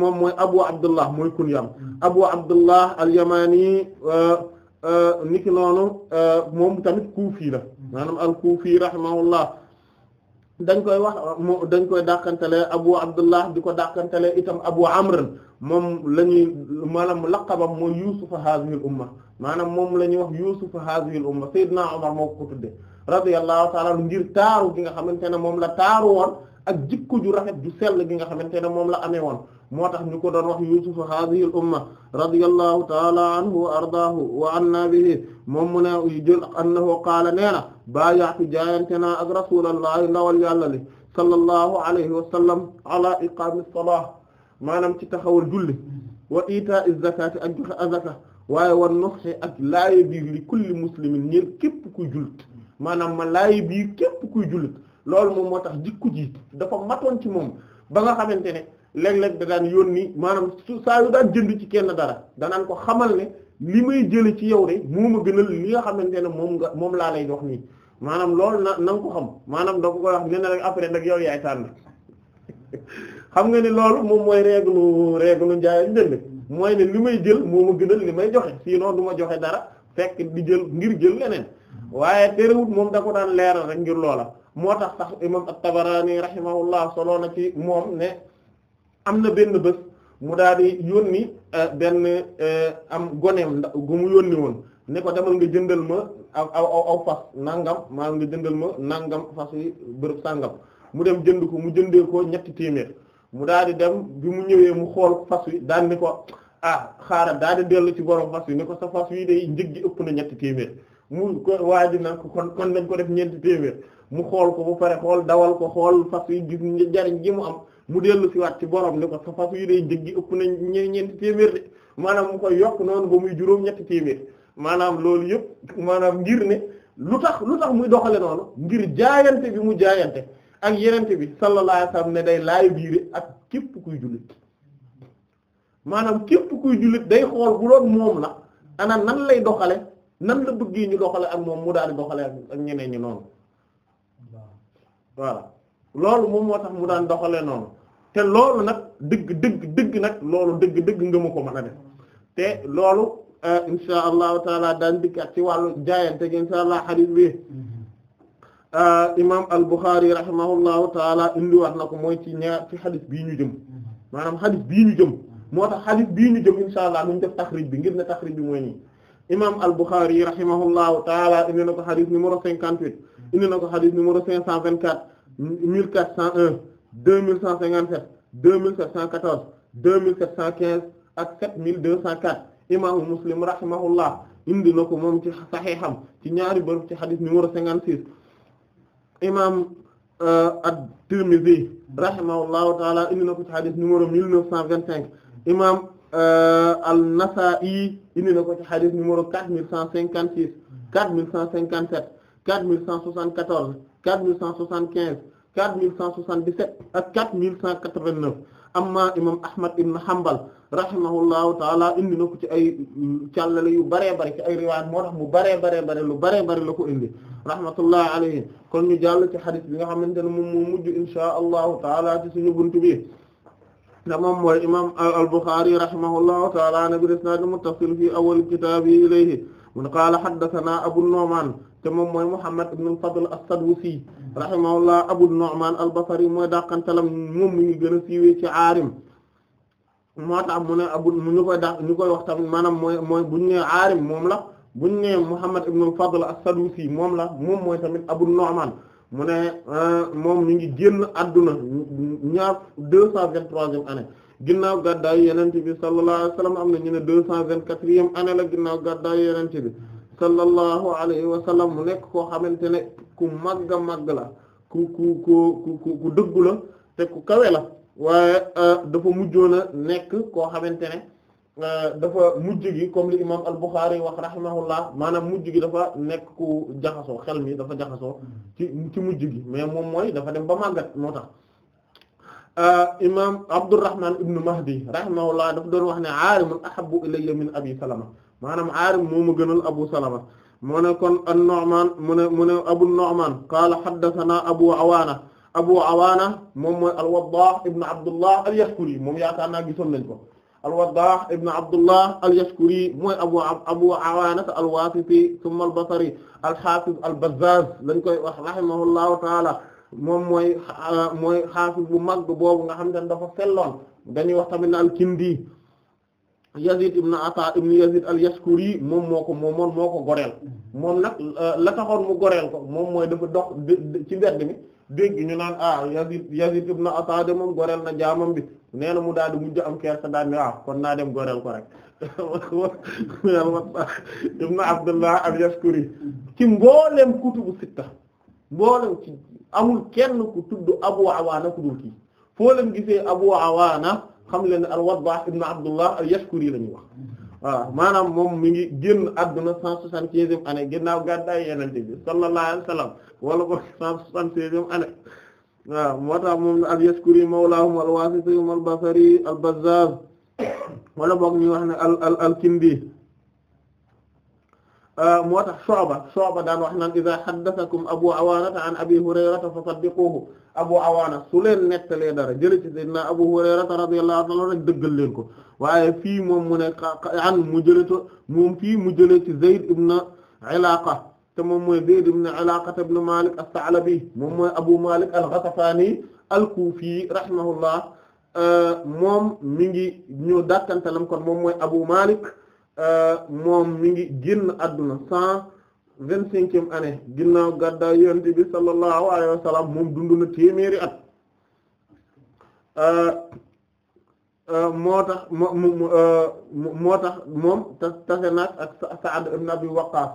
moom mooy Abu Abdullah mooy kunyam Abu Abdullah al-Yamani euh, euh, niki noonu euh, moom tamit Kufi la maanaam al-Kufi rahimahullah dañ koy wax moo dañ koy dàqantele Abu Abdullah di ko dàqantele itam Abu Amr moom la ñuy maanaam laqabam mooy Yusuf hadhihi al-umma maanaam moom la ñuy wax Yusuf hadhihi al-umma Seydina Omar moo ko ko tuddee radiyallahu ta'ala ngir taaru gi nga xamante ne moom la taaru woon ak jikko ju rafet ju sell gi nga xamante ne moom la amee woon moo tax ñu ko doon wax yusuf hadhihi al umma radiyallahu ta'ala anhu wa ardaahu wa anna bihi moom mu ne jël annahu qaala nee na baayaatu jaayante naa ak rasulallahi ndawal yàlla li sallallahu alayhi wa sallam ala iqaami salaah maanaam ci taxawal julli wa itaa'i zakati ak joxe azaka waaye wan nusxi ak laaye biir li kulli muslimin ñeel képp ku jullit maanaam ma laayi bii képp kuy jullit loolu moom moo tax jikku ji dafa matoon ci moom ba nga xamante ne léeg-léeg da daan yónni maanaam su saa yu daan jënd ci kenn dara danaan ko xamal ne li may jële ci yow de moo ma gënal li nga xamante ne moom nga moom laa lay wax nii maanaam loolu na na ko xam maanaam da ko koy wax nag yow yaay tànn nga ne loolu moom mooy règle règle njaay njënd mooy ne li may jël moo ma gënal li may joxe sinon du ma joxe dara fekk di jël ngir jël leneen waaye terewut moom da ko daan leeral rek ngir loola moo tax sax imam at-Tabarani rahimahullah soloo na ci moom ne am na benn bés mu daal di yónni euh, benn euh, am goneem gu mu yónni woon ne ko demal nga jëndal ma aw aw fas nangam maa nga jëndal ma nangam fas yi bërëb sàngam mu dem jënd ko mu jëndee ko ñetti téeméer mu daal di dem bi mu ñëwee mu xool fas wi daal ni ko ah xaaral daal di dellu ci borom fas wi ne ko sa fas wi day njëg ëpp na ñetti téeméer mu waa ji nag kon kon dañ ko def ñeenti téeméer mu xool ko bu pare xool dawal ko xool fas yi gis gi mu am mu dellu si waat ci borom ko sa fas yi day jëggi ëpp nañ ñeenti téeméer de maanaam mu koy yokk noonu ba muy juróom ñetti téeméer maanaam loolu yëpp maanaam ngir ne lu tax lu tax muy doxale noonu ngir jaayante bi mu jaayante ak yenente bi sallallahu alayhi wasallam ne day laay biire ak képp kuy jullit maanaam képp kuy jullit day xool bu doon moom la ana nan lay doxale nan la bëggee ñu doxale ak moom mu daal di doxale ak ñeneen ñi noonu voilà loolu moom moo tax mu daan doxalee noonu te loolu nag dëgg dëgg dëgg nag loolu dëgg dëgg nga ko man a def te loolu euh, insha allahu taala daan dikkaat ci wàllu jaayante gi insha allah xadis bi euh, imam al Bukhari rahimahullahu taala indi wax na ko mooy ci ñaar ci xadis bii ñu jëm maanaam xadis bii ñu jëm moo tax xadis bii ñu jëm insha allah ñu def taxrij bi ngir ne taxrij bi mooy nii imam al-Bukhari y rahimahullahu taala indi na ko xadis numéro cinquante huit indi na ko xadis numéro cinq cent vingt quatre mille quatre cent un deux mille cent cinquante sept deux mille cent quatorze deux mille cent quinze ak sept mille deux cent quatre imaamu Muslim rahimahullah indi na ko moom ci saxiixam ci ñaari bërëb ci xadis numéro cinquante six imam euh, at-Tirmidhi rahimahullahu taala indi na ko ci xadis numéro mille neuf cent vingt cinq imam Euh, an-Nasa'i indi na ko ci xadis numéro quatre mille cent cinquante six quatre mille cent cinquante sept quatre mille cent soixante quatorze quatre mille cent soixante quinze quatre mille cent soixante dix sept ak quatre mille cent quatre vingt neuf amma imam Ahmad ibn Hanbal rahimahullahu taala indi na ko ci ay càllale yu baree bari ci ay riwaayat moo mu baree baree bari lu bare bari la ko indi rahmatullahi alayhi kon ñu jàll ci xadis bi nga xamante ne moom mu mujj inshaa Allahu taala ci suñu buntu bi te moom mooy imaam al-Bukhari rahimahullahu ta'ala na bi isnaad muttasil fi awwal kitaabi ilayhi mun qaala haddathanaa Abu Nu'maan te moom mooy Muhammad ibn al-Fadl as-Sadusi rahimahullah Abu Nu'maan al-Basri mooy dàqantalam moom mi ngi gën a siiwee ci aarim moo tax mu ne abu ñu koy dàq ñu koy wax tamit maanaam mooy mooy bu ñu nee aarim moom la bu ñu nee Muhammad ibn al-Fadl as-Sadusi moom la moom mooy tamit Abu Nu'maan mu ne euh, moom mi ngi génn adduna ñaar deux cent vingt troisième année ginnaaw gàddaayu yenente bi sallallahu alayhi wa sallam am na ñu ne deux cent vingt quatrième année la ginnaaw gàddaayu yenente bi sallallahu alayhi wa sallam mu nekk koo xamante ne ku màgg a màgg la ku ku ku ku dëggu la te ku kawe la waaye euh, dafa mujjoon a nekk koo xamante ne Euh, dafa mujj gi comme li imam al-Bukhari wax rahimahullah maanaam mujj gi dafa nekk ku jaxasoo xel mi dafa jaxasoo ci ci mujj gi mais moom mooy dafa dem ba màggat moo tax euh, imam Abdurrahman ibnu Mahdi rahimahullah dafa doon wax ne aarimun ahabbu ilayya min abi salama maanaam aarim moo ma gënal abu salama mu ne kon an-Nu'man mu ne mu ne abu an-Nu'man qaala haddathana abu awaana abu awaana moom mooy al-Waddah ibnu Abdullah al-Yaskuri moom yaakaar naa gisoon nañ ko al-Waddah ibn Abdullah al-Yashkuri mooy abu abu Awaana al-Wasiti thumma al-Basri al-Hafiz al-Bazzaz lañ koy wax rahimahullahu taala moom mooy euh, mooy xaafis bu mag boobu nga xam ne dafa selloon dañuy wax tamit na al-Kindi Yazid ibn Ata ibn Yazid al-Yashkuri moom moo ko moomoon moo ko goreel moom nag euh, la taxoon mu goreel ko moom mooy dafa dox ci mbedd mi dégg ñu naan ah Yazid Yazid ibn Asad moom goreel na jaamam bi nee na mu daal di mujj am kersa daan ne ah naa dem goreel ko rek ibn Abdullah al-Yaskuri ci mboolem kutubu sitta mboolem ci amul kenn ku tudd Abu Awaana ku dul kii foo Abu Awaana xam leen al-Waddah ibn Abdullah al-Yaskuri la ñuy wax voilà maanaam moom mi ngi génn àdduna 175e année ginnaaw gàddaay Yonent bi sallallahu alayhi wa sallam wala boog cent soixante-seizième année waaw moo tax moom al-Yaskuri mawlaahum al-Waasiti al-Basri al-Bazzaaz wala boog ñu wax ne al al al-Kindi ah, moo tax Shu'ba Shu'ba daan wax naan iza haddathakum Abu Awaana an Abi Hurayrata fasaddiquuhu Abu Awaana su leen nettalee dara jëlee ci sayyidina Abu Hurayrata radiyallahu anhu rek dëggal leen ko waaye fii moom mu ne an mu jëlee moom fii mu jëlee ci Zayd ibn Ilaaqa te moom mooy Zayd ibn Alaqa ibn Malik as-Sa'labi moom mooy Abu Malik al-Ghatafani al-Kufi rahimahullah euh, moom mi ngi ñu dàkkantalam kon moom mooy Abu Malik euh, moom mi ngi génn adduna cent vingt-cinquième année ginnaaw gàddaay Yonent sallallahu alayhi wa sallam moom dund na téeméeri at euh, moo tax moo moo tax moom tase nag ak Sa'd ibn Abi Waqqas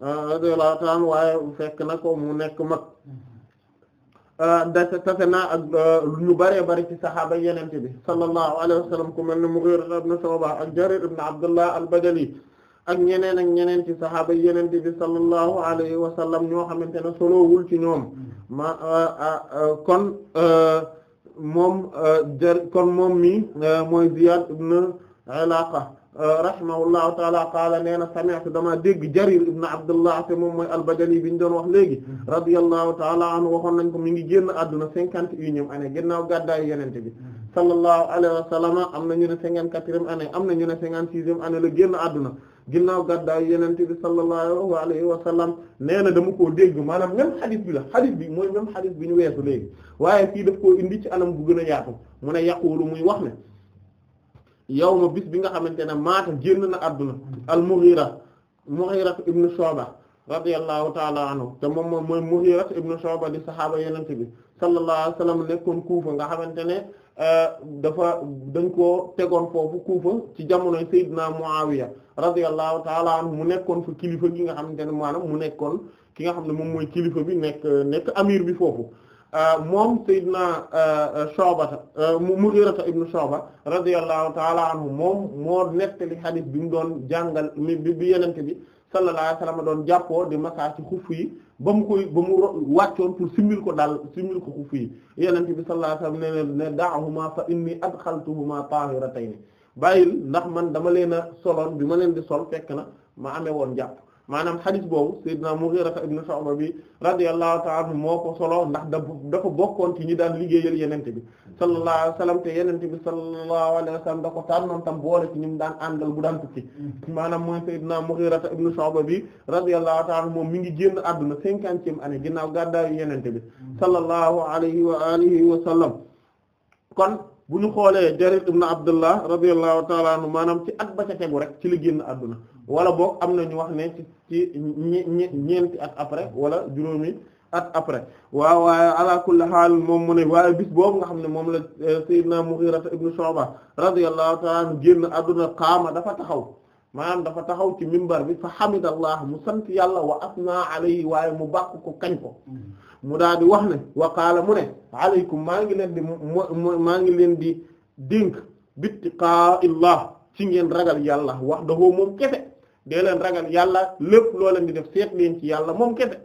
radiyallahu ah, ta'ala anhu waaye fekk na ko mu nekk mag ah, dase tase naa ak ñu ah, bëree bëri ci saxaaba yenente bi sallallahu alayhi wa sallam ku mel ne Mughira ibn Shu'ba ak Jarir ibn Abdullah al-Bajali ak ñeneen ak ñeneen ci saxaaba yenente bi sallallahu alayhi wa sallam ñoo xamante ne solowul ci ñoom ma kon moom jar kon moom mi mooy Ziyad ibn Ilaqa rahimahullahu taala qaala nee na sami'tu dama dégg jarir ibn abdullah te moom mooy albajali bi ñu doon wax léegi radiyallahu taala anhu waxoon nañ ko mi ngi génn àdduna cinquante et unième année ginnaaw gàddaayu yenente bi sallallahu alayhi wa sallam am na ñu ne cinquante-quatrième année am na ñu ne cinquante-sixième année la génn àdduna ginnaaw gàddaayu yenente bi sallallahu alayhi wa sallam nee na dama ko dégg maanaam na hadith bi la hadith bi mooy même hadith bi ñu weesu léegi waaye fii daf koo indi ci anam bu gën a yaatu mu ne yaqulu muy wax ne ma bis bi nga xamante ne maata génn na adduna al-Mughira Mughira ibn Shu'ba radiyallahu ta'ala anhu te moom moom mooy Mughira ibn Shu'ba li saxaaba yeneen bi sallallahu alayhi wa sallam nekkoon Kuufa nga xamante ne euh, dafa dañ ko tegoon foofu Kuufa ci jamono jamonoy Seydina Muawiya radiyallahu ta'ala anhu mu nekkoon fa kilifa gi nga xamante ne maanaam mu nekkoon ki nga xam ne moom mooy kilifa bi nekk nekk amir bi foofu. Euh, moom Seydina euh, euh, Shu'ba Mughira ibn Shu'ba radiyallahu ta'ala anhu moom moo nettali xadis bi mu doon jàngal mi bi Yonent bi sallallahu alayhi wa doon jàppoo di masaa ci ba mu koy ba mu wàccoon pour simil ko daal simil ko xuf yi Yonent bi sallallahu alayhi wa sallam ne ne da'huma fa inni adkhaltuhuma tahiratayn bàyyil ndax man dama leen a soloon bi ma leen di sol fekk na ma amee woon jàpp maanaam xadis boobu Seydina Mughira ibn Shu'ba bi radiyallahu ta'ala anhu moo ko solo ndax da dafa bokkoon ci ñi daan liggéeyal yenente bi sallallahu alayhi wa sallam te yenente bi sallallahu wa sallam da ko tànnoon tam boole ci ñi daan àndal bu daan tukki maanaam mooy Seydina Mughira ibn Shu'ba bi radiyallahu ta'ala anhu moom mi ngi génn àdduna cinquantième année ginnaaw gàddaayu yenente bi sallallahu alayhi wa alihi wa sallam kon bu ñu xoolee Jarir ibn Abdullah radiyallahu ta'ala anhu maanaam ci at ba ca rek ci li génn àdduna wala boog am na ñu wax ne ci ci ñeenti at après wala juróomi at après waaw waaye ala kulli haal moom mu ne waaye bis boobu nga xam ne moom la eh, Seydina Mughira ibn Shu'ba radiyallahu ta'ala anhu génn àdduna qaama dafa taxaw maanaam dafa taxaw ci minbar bi fa hamidallah mu sant yàlla wa asna alayhi waaye mu bàkk ko kañ ko mm. mu daal di wax ne wa mu ne aleykum maa ngi leen di maa ngi leen di dénk bittiqaa illah ci ngeen ragal yàlla wax dahoo moom kese dee leen ragal yàlla lépp loo leen di def seet leen ci yàlla moom kese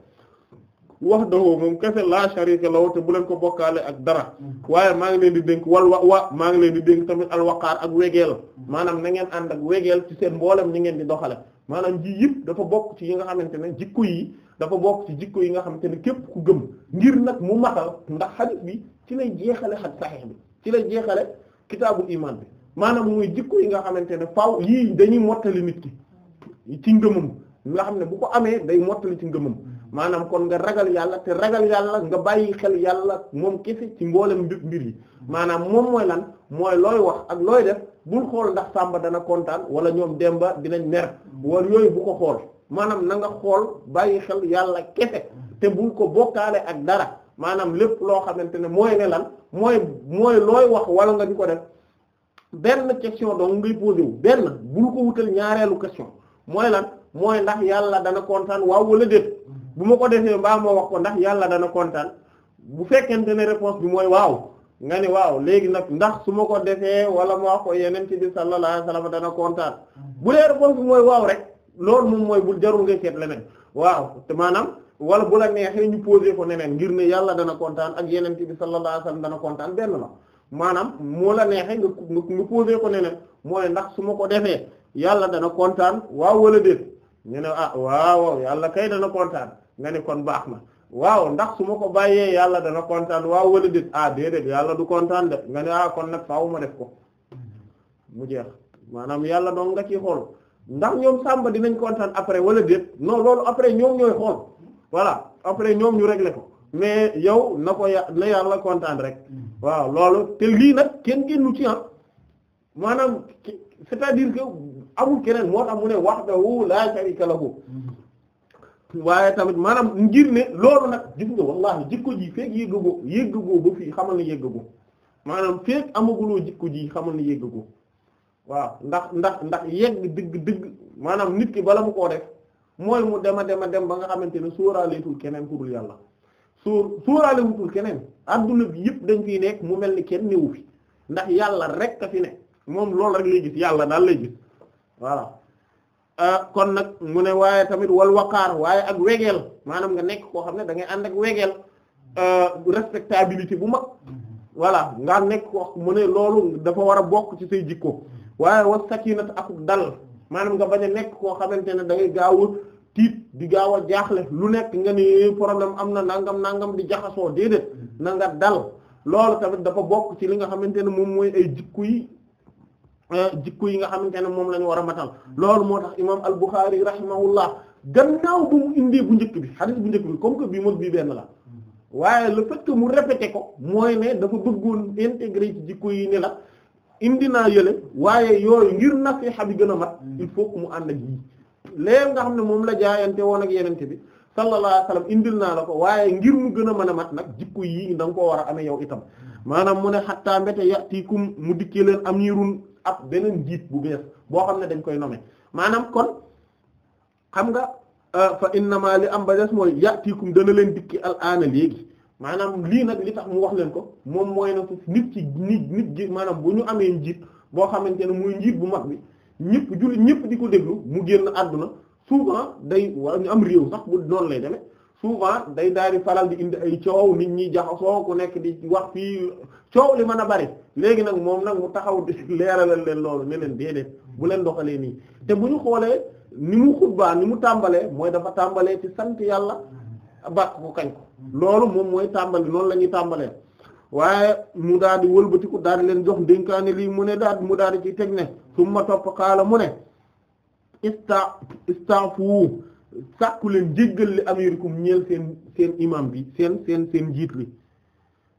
wax dahoo moom kese la sharika la te bu leen ko bokkaale ak dara waaye maa ngi leen di dénk wal wa wa maa ngi leen di dénk tamit alwaqaar ak wegeel maanaam na ngeen ànd ak wegeel ci seen mboolem ñi ngeen di doxale maanaam ji yëpp dafa bokk ci yi nga xamante ne jikko yi dafa bokk ci jikko yi nga xamante ne képp ku gëm ngir nag mu matal ndax xadis bi ci lay jeexale xad saxiix bi ci lay jeexale kitaabul iman bi maanaam mooy jikko yi nga xamante ne faaw yii dañuy mottali nit ki ci ngëmam nga xam ne bu ko amee day mottali ci ngëmam maanaam kon nga ragal yàlla te ragal yàlla nga bàyyi xel yàlla moom kese ci mboolem mbir yi maanaam moom mooy lan mooy looy wax ak looy def bul xool ndax Samba dana kontaan wala ñoom Demba dinañ mer wala yooyu bu ko xool maanaam nanga xool bàyyi xel yàlla kese te bul ko bokkaale ak dara maanaam lépp loo xamante ne mooy ne lan mooy mooy looy wax wala nga di ko def benn question donc ngay posé wu benn bul ko wutal ñaareelu question mooy lan mooy ndax yàlla dana kontaan waaw wala déet bu ma ko defee mbaa ma wax ko ndax yàlla dana kontaan bu fekkente ne réponse bi mooy waaw nga ni waaw léegi nag ndax su ma ko defee wala ma wax ko yeneen ci bi sallallahu alayhi wasallam dana kontaan bu dee réponse mooy waaw rek loolu moom mooy bul jarul ngay seet leneen waaw te maanaam wala bu la neexee ñu posé ko neneen ngir ne yàlla dana kontaan ak yeneen bi sallallahu alayhi wasallam dana kontaan benn la maanaam moo la neexee nga nga posé ko neneen mooy ndax su ma ko defee yàlla dana kontaan waaw wala déet ñu ne ah waaw yàlla kay dana kontaan nga ne kon baax na waaw ndax su ma ko bàyyee yàlla dana kontaan waaw wala déet ah déedéet yàlla du kontaan de nga ne ah kon nag faaw ma def ko mu jeex maanaam yàlla doon nga ci xool. ndax ñoom sàmba dinañ kontaan après wala déet non loolu après ñoom ñooy xool voilà après ñoom ñu régler ko mais yow na ko ya na yàlla kontaan rek waaw loolu te lii nag kenn génnu ci ah maanaam c'est-à-dire que amul keneen moo tax mu ne wahdahu la sharika lahu waaye tamit maanaam ngir ne loolu nag gis nga wallahi jikko ji feek yëggagoo yëggagoo ba fii xamal ne yëggagoo maanaam feek amaguloo jikko ji xamal ne yëggagoo waaw ndax ndax ndax yegg dëgg dëgg maanaam nit ki bala mu koo def mooy mu dema dema dem ba nga xamante ne sóoraaleetul keneen ku dul yàlla sóor sóoraalewutul keneen adduna bi yëpp dañ fiy nekk mu mel ni kenn néewu fi ndax yàlla rek a fi ne moom loolu rek lay gis yàlla daal lay gis voilà euh, kon nag mu ne waaye tamit wal waqaar waaye ak wegeel maanaam nga nekk koo xam ne da ngay ànd ak wegeel euh, respectabilité bu mag mm-hmm. voilà nga nekk ko mu ne loolu dafa war a bokk ci say jikko waaye wa sakinat ak dal maanaam nga bañ a nekk koo xamante ne da ngay gaaw tiit di gaaw a jaaxle lu nekk nga ni eh, problème am na nangam nangam di jaxasoo déedéet na nga dal loolu tamit dafa bokk ci li nga xamante ne moom mooy ay jikku yi eh, jikku yi nga xamante ne moom la ñu war a matal loolu moo tax imam al-Bukhari rahimahullah gannaaw bu mu indee bu njëkk bi hadith bu njëkk bi comme que bii moom bii benn la waaye le fait que mu répété ko mooy ne dafa bëggoon intégrer jikko yi ne la indi naa yële waaye yooyu ngir nasiha bi gën a mat mm. il faut mu ànd ak yii léegi nga xam ne moom la jaayante woon ak yenente bi sallallahu alayhi indil naa la ko waaye ngir mu gën a mën a mat nag jikko yii da nga koo war a amee yow itam mm. maanam mu ne xattaa mbéte mu dikkee leen amirun ab beneen jiit bu bees boo xam ne dañ koy nommer maanaam kon xam nga euh, fa innama li am ba mooy yatiikum dana leen dikki al aana léegi maanaam lii nag li tax mu wax leen ko moom mooy na nit ci nit nit ji maanaam bu ñu amee njiit boo xamante ne muy njiit bu mag bi ñëpp jullit ñëpp di ko déglu mu génn àdduna souvent day wala ñu am réew sax bu noonu lay demee souvent day daal di faral di indi ay coow nit ñi jaxasoo ku nekk di wax fii coow li mën a bari léegi nag moom nag mu taxaw leeralal leen loolu ne leen déedéet bu leen doxalee nii te bu ñu xoolee ni mu xutbaa ni mu tàmbalee mooy dafa tàmbalee ci sant yàlla bàkk ko kañ loolu moom mooy tàmbali noonu la ñuy tàmbalee waaye mu daadi di wëlbatiku leen jox dénkaane lii mu ne daal mu daal di ci teg ne su ma mu ne ista istaafu sàkku leen jéggal li amirikum ñeel seen seen bi seen seen seen jiit li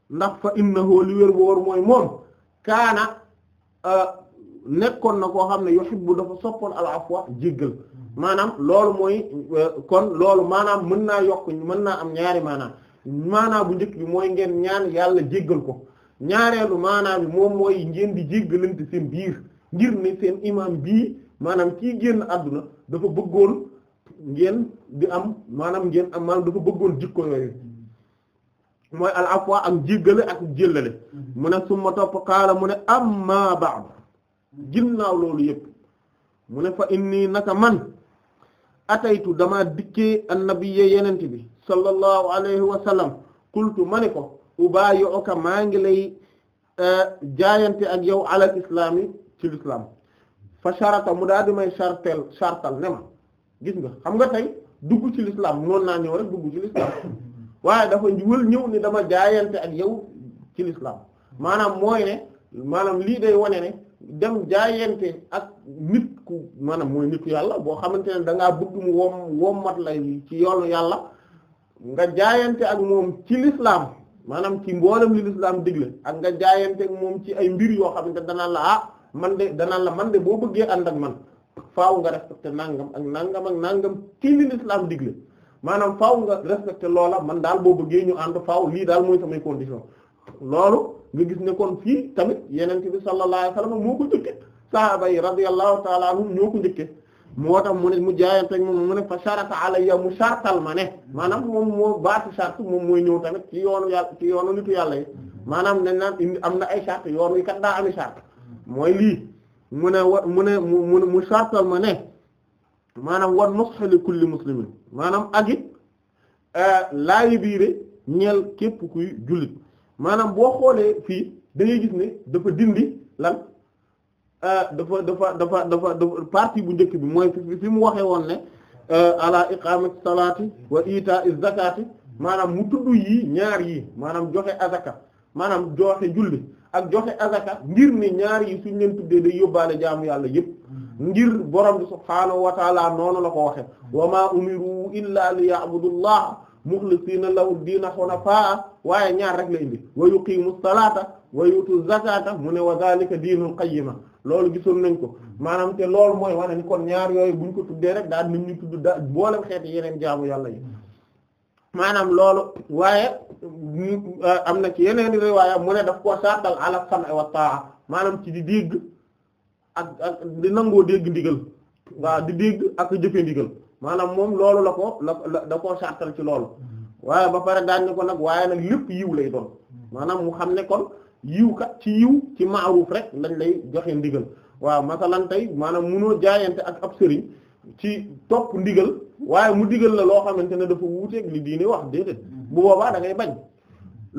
ndax fa innahu li wér bu war mooy moom kaana euh, nekkoon na koo xam ne yuhibbu dafa soppoon al afwa jéggal maanaam loolu mooy euh, kon loolu maanaam mën naa yokk mën naa am ñaari maanaam maanaam bu njëkk bi mooy ngeen ñaan yàlla jéggal ko ñaareelu maanaam bi moom mooy ngeen di jéggalante seen biir ngir ne seen imaam bii maanaam kii génn àdduna dafa bëggoon ngeen di am maanaam ngeen am maanaam dafa bëggoon jikko yooyu mooy al afwa am jéggale ak jëllale mu ne summa topp xaala mu ne amma ba'd ginnaaw loolu yëpp mu ne fa inni naka man ataytu dama dikkee annabiyya yenent bi sallallahu alayhi wa sallam qultu ma ne ko ubayyi'uka maa ngi lay eh, jaayante ak yow alal islaami ci l'islam fa sharata mu daal di may chartel ne ma gis nga xam nga tey dugg ci lislaam noonu naa ñëw rek dugg ci l'islam waaye dafa wël ñëw ni dama jaayante ak yow ci l'islam maanaam mooy ne lii day wone dem jaayante ak nit ku maanaam mooy nitu yàlla boo xamante ne da ngaa bëgg mu wom mat lay ci yoonu yàlla nga jaayante ak moom ci l'islam maanaam ci mboolem li l'islam digle ak nga jaayante ak moom ci ay mbir yoo xamante danaan la ah man de danaan la man de boo bëggee ànd ak man faw nga respecté nangam ak nangam ak nangam ci li l'islam digle maanaam faw nga respecté loola man daal boo bëggee ñu ànd faaw lii daal mooy samay condition loolu nga gis ne kon fii tamit yeneen bi sallallahu alayhi wasallam moo ko njëkke sahaaba yi radiyallahu ta'ala anhum ñoo ko njëkke moo tax mu ne mu jaayante ak moom mu ne fa sharata alayya mu shartal ma ne maanaam moom moom mooy ñëw tamit ci yoonu yàlla ci yoonu nitu yàlla maanaam dañ naan am na ay shart yoonu wi kat daa ami shart mooy lii mu ne wa mu ne mu mu shartal ma ne maanaam wan nusx li kulli muslimin maanaam ak it eh, biire ñeel képp kuy jullit maanaam boo xoolee fii da gis ne dafa dindi lan euh, dafa dafa dafa dafa dafa bu njëkk bi mooy fi mu waxe woon ne euh, ala iqamati salaati wa ita'iz zakati maanaam mu tudd yii ñaar yi maanaam joxe azaka maanaam joxe julli ak joxe azaka ngir ne ñaar yi suñ leen tuddee day yóbbaale jaamu yàlla yépp ngir borom bi subhaanahu wa noonu la ko waxe wa ma umiru illa li ya'budu muxlisiina lahu diina xunafaa waaye ñaar rek la indi wa yuqiimu salaata wa yutu zakaata mu ne wa zaalika diinul qayyima loolu gisoon nañ ko maanaam te loolu mooy wane ni kon ñaar yooyu buñ ko tuddee rek daal nit ñu tudd da boolem xeeti yeneen jaamu yàlla yi maanaam loolu waaye uh, am na ci yeneen riwaaya mu ne daf koo sartal ala sam'i wa ta'a maanaam ci di dégg ak di nangoo dégg ndigal waaw di dégg ak jëfe ndigal maanaam moom loolu la ko la da ko sartal ci loolu mm-hmm. waaye ba pare daan ni ko nag waaye nag lépp yiw lay doon maanaam mu xam ne kon yiw kat ci yiw ci maaruuf rek lañ lay joxe ndigal waaw masalan tey maanaam munoo jaayante ak ab sëriñ ci topp ndigal waaye mu digal la loo xamante ne dafa wuuteeg li diine wax déedéet mm-hmm. bu boobaa da ngay bañ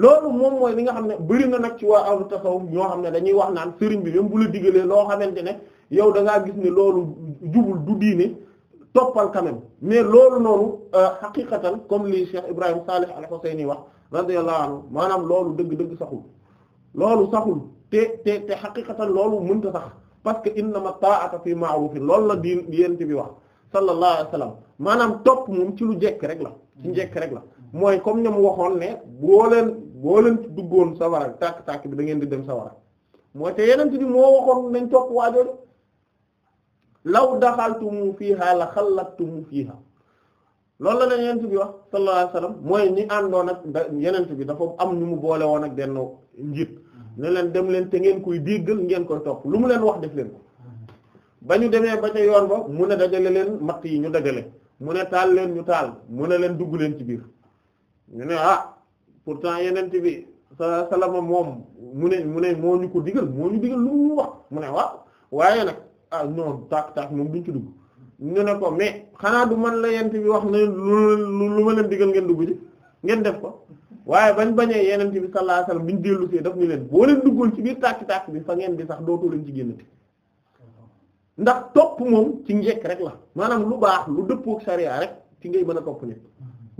loolu moom mooy li nga xam ne bëri na nag ci waa ahlu tasawuf ñoo xam ne dañuy wax naan sëriñ bi même bu la digalee loo xamante ne yow da ngaa gis ne loolu jubul du diine toppal quand même mais loolu noonu xaqiqatan euh, comme li Cheikh Ibrahim Salih al-Husayni wax radiyallahu anhu maanaam loolu dëgg-dëgg saxul loolu saxul te te te xaqiqatan loolu mënta sax parce que innama ta'ata fi ma'rufin loolu la diin yent bi wax sallallahu alayhi wasallam maanaam topp moom ci lu jekk rek la ci njekk rek la mooy comme ñoom waxoon ne boo leen boo leen duggoon sawara tàkk-tàkk bi da ngeen di dem sawara mooy te yeneen bi moo waxoon nañ topp waajooju law daxaltumu fiiha la xallattumu fiiha loolu la la yenent bi wax sallallahu alayhi wasallam mooy ñi àndoon ak yenent bi dafa am ñu mu boole woon ak benn njiit mm-hmm. ne leen dem leen te ngeen koy déggal ngeen koy topp lu mu leen wax def leen ba ñu demee ba ca yoon ba mu ne dajale leen matt yi ñu dajale mu ne taal leen ñu taal mu ne leen dugg leen ci biir ñu ne ah pourtant yenent bi sa alayhi moom mu ne mu ne moo ñu ko digal moo ñu digal lu mu wax mu ne wax waaye nag ah non taak taak moom duñ ci dugg ñu ne ko mais xanaa du man la yent bi wax ne lu lu ma leen digal ngeen dugg ci ngeen def ko waaye bañ bañee yenent bi sallallahu alayhi wasallam biñ dellu daf ñu leen boo leen duggul ci biir tàkk tàkk bi fa ngeen di sax dootoo leen ci génnati ndax topp moom ci njekk rek la maanaam lu baax lu dëppook sariya rek ci ngay mën a topp nit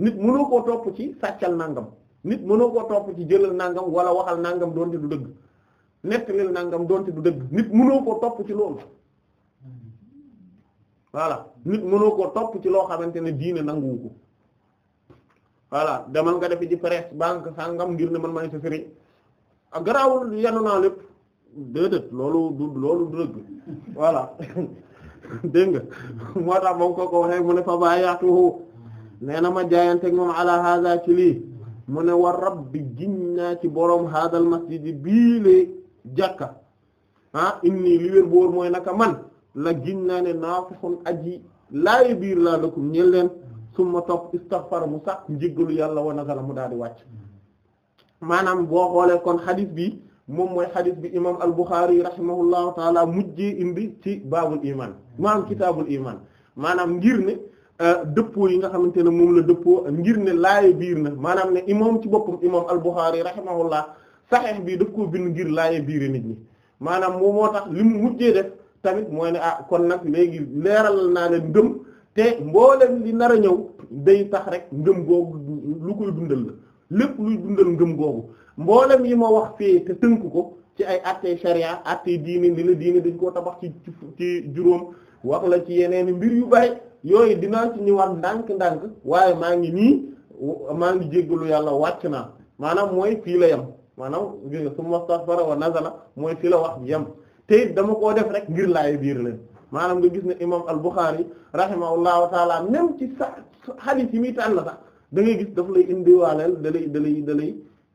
nit mënoo koo topp ci sàccal nangam nit mënoo koo topp ci jëlal nangam wala waxal nangam doonte du dëgg nettalil nangam doonte du dëgg nit mënoo koo topp ci loolu voilà nit mënoo koo topp ci loo xamante ne diine nanguwu ko voilà demal nga defi ci presse banque sangam ngir ne man maay sa sëriñ ak ah, garaawul yanu naa lépp déedéet loolu du loolu dëgg voilà dégg nga moo tax moom ko ko waxee mu ne fa baayaatuhu nee na ma jaayanteeg moom ala hada ci lii mu ne war rabbi giñ naa ci boroom hadal masjid bii lee jàkka ah inni li wér boor mooy naka man la giñ naa ne naafixun aji laayi biir laa lakum ñeel leen summa topp istaghfar mu sax njéggalu yàlla wa kala mu daal di wàcc maanaam boo xoolee kon xadis bi moom mooy xadis bi imam al-Bukhari rahimahullahu taala mujjee indi ci baabul iman maanaam kitaabul iman maanaam ngir ne euh, dëppoo yi nga xamante ne moom la dëppoo ngir ne laaye biir na maanaam ne imam ci boppam imam al-Bukhari rahimahullah saxeex bi daf koo bind ngir laaye biir nit ñi maanaam moom moo tax li tamit mooy ne ah kon nag léegi leeralal naa leen ngëm te mboolem li nar a ñëw day tax rek ngëm googu lu koy dundal la lépp luy dundal ngëm googu mboolem yi ma wax fii te tënk ko ci ay attee sharia attee diini ni la diini dañ koo tabax ci ci juróom wax la ci yeneen mbir yu bari yooyu dina ci ñëwaat ndànk-ndànk waaye maa ngi nii maa ngi jéggalu yàlla wàcc naa maanaam mooy fii la yem maanaam summa astaghfara wa nazala mooy fii la wax yem te dama koo def rek ngir laay biir leen maanaam nga gis ne imam al-Bukhari rahimahullahu taala même ci sa hadith yi muy tànn sax da gis daf lay indiwaaleel da lay da lay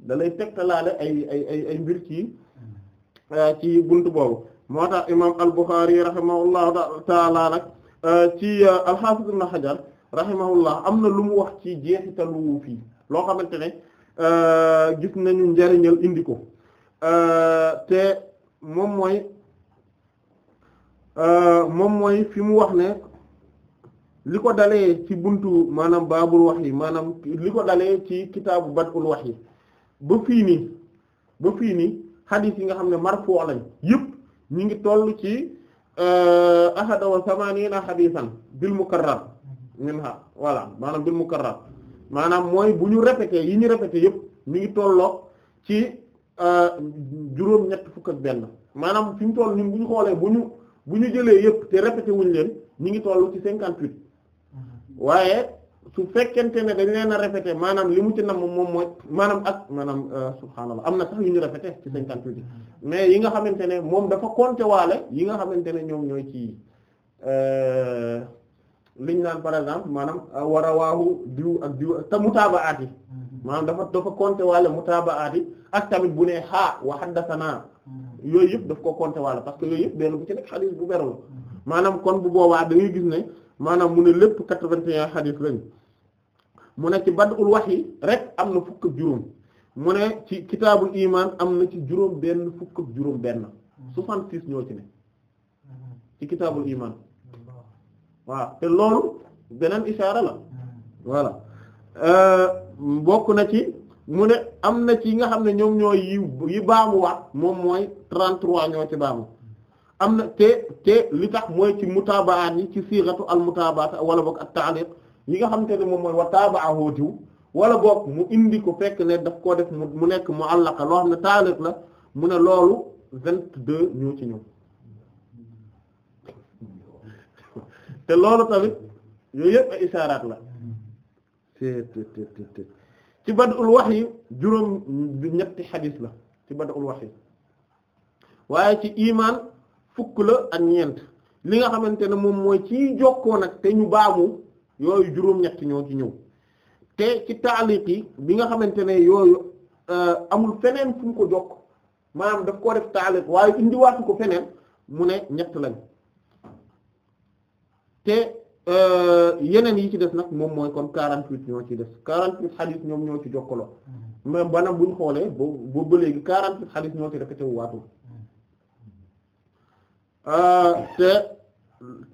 da lay da ay mbir ci euh, ci bunt boobu moo tax imam al-Bukhari rahimahullahu taala nag euh, ci euh, al-Hafiz ibn Hajar am na lu mu wax ci jeexitalu fii loo xamante ne gis nañu njariñal indiko ko te moom mooy Euh, moom mooy fi mu wax ne li ko dalee ci buntu maanaam baabul wax yi maanaam li ko dalee ci kitaabu badul wax yi ba fii nii ba fii nii xadiis yi nga xam ne marfu lañ yëpp ñi ngi toll ci euh, ahada wa samanina xadiisan bil mukarrar minha voilà maanaam bil mukarrar maanaam mooy bu ñu yi ñu répété yëpp ñi ngi tolloo ci euh, juróom ñett fukk ak benn maanaam fi mu toll ñun bu ñu xoolee bu ñu bu ñu jëlee yëpp te répété wuñ leen ñu ngi toll ci cinquante huit waaye su fekkente ne dañ leen a répété maanaam li mu ci nam moom mooy maanaam ak maanaam euh, subhaanallah am na sax yu ñu répété ci cinquante huit mais yi nga xamante ne moom dafa compté waale yi nga xamante ne ñoom ñooy ci euh, liñ naan par exemple maanaam euh, war a waawu diw ak diw te mutaabaat yi mm-hmm. maanaam dafa dafa compté waale mutaabaat yi ak tamit bu ne xaa wa haddasanaa Mm-hmm. yooyu yëpp daf koo compter waale parce que yooyu yëpp benn bu ci nekk xadis bu beru mm-hmm. maanaam kon bu boobaa da ngay gis ne maanaam mu ne lépp quatre-vingt-un xadis lañu mu ne ci wax yi rek am na fukk juróom mu ne ci kitaabul iman am na ci juróom benn fukk ak juróom benn mm-hmm. soixante-six ñoo ci ne ci kitaabul iman waaw te loolu beneen isaara la voilà euh, bokk na ci mu ne am na ci nga xam ne ñoom ñooy yi yi baamuwaat moom mooy 33 ñoo ci baamu am na te te li tax mooy ci mutaabaat yi ci siiratu al mutaabaat wala boog ak taaliq yi nga xam te ne moom mooy wa taabaahu diw wala boog mu indi ko fekk ne daf koo def mu nekk mu àllaqa loo xam ne taaliq la mu ne loolu 22 ñoo ci ñëw te loolu tamit yooyu yëpp ay isaaraat la. ci badul wahyi juróom ñetti xadis la ci badul wahyi waaye ci imaan fukk la ak ñeent li nga xamante ne moom mooy ci jokkoo nag te ñu baamu yooyu juróom-ñetti ñoo ci ñëw te ci taaliq yi bi nga xamante ne yooyu euh, amul feneen fu mu ko jokk maanaam daf koo def taaliq waaye indiwaatu ko feneen mu ne ñett lañ te Euh, yeneen yi ci def nag moom mooy kon quarante-huit ñoo ci def quarante-huit ñoom ñoo ci jokkaloo mm-hmm. mais maanaam buñ xoolee boobu ba léegi quarante-huit xadis ñoo ci répété wu waatul mm-hmm. euh, te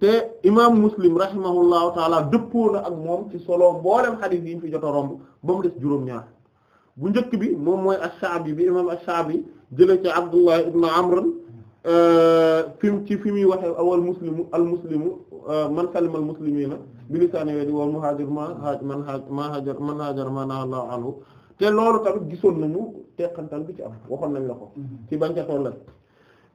te imam Muslim rahimahullahu taala dëppoo na ak moom ci solo mboolem xadis yi ñu fi jot romb ba mu des juróom-ñaar bu njëkk bi moom mooy Ash-Sha'bi bi imam Ash-Sha'bi jëlee ci Abdullah ibn Amr fi mu ci fi muy waxee awal muslimu al muslimu euh, man salima al muslimina bi lisaani wa yadihi wal muhajir ma haaj man haaj ma hajar man hajar ma naha Allahu anhu te loolu tamit gisoon nañu teqantal bi ci am waxoon nañ la ko mhm. ci banca tollal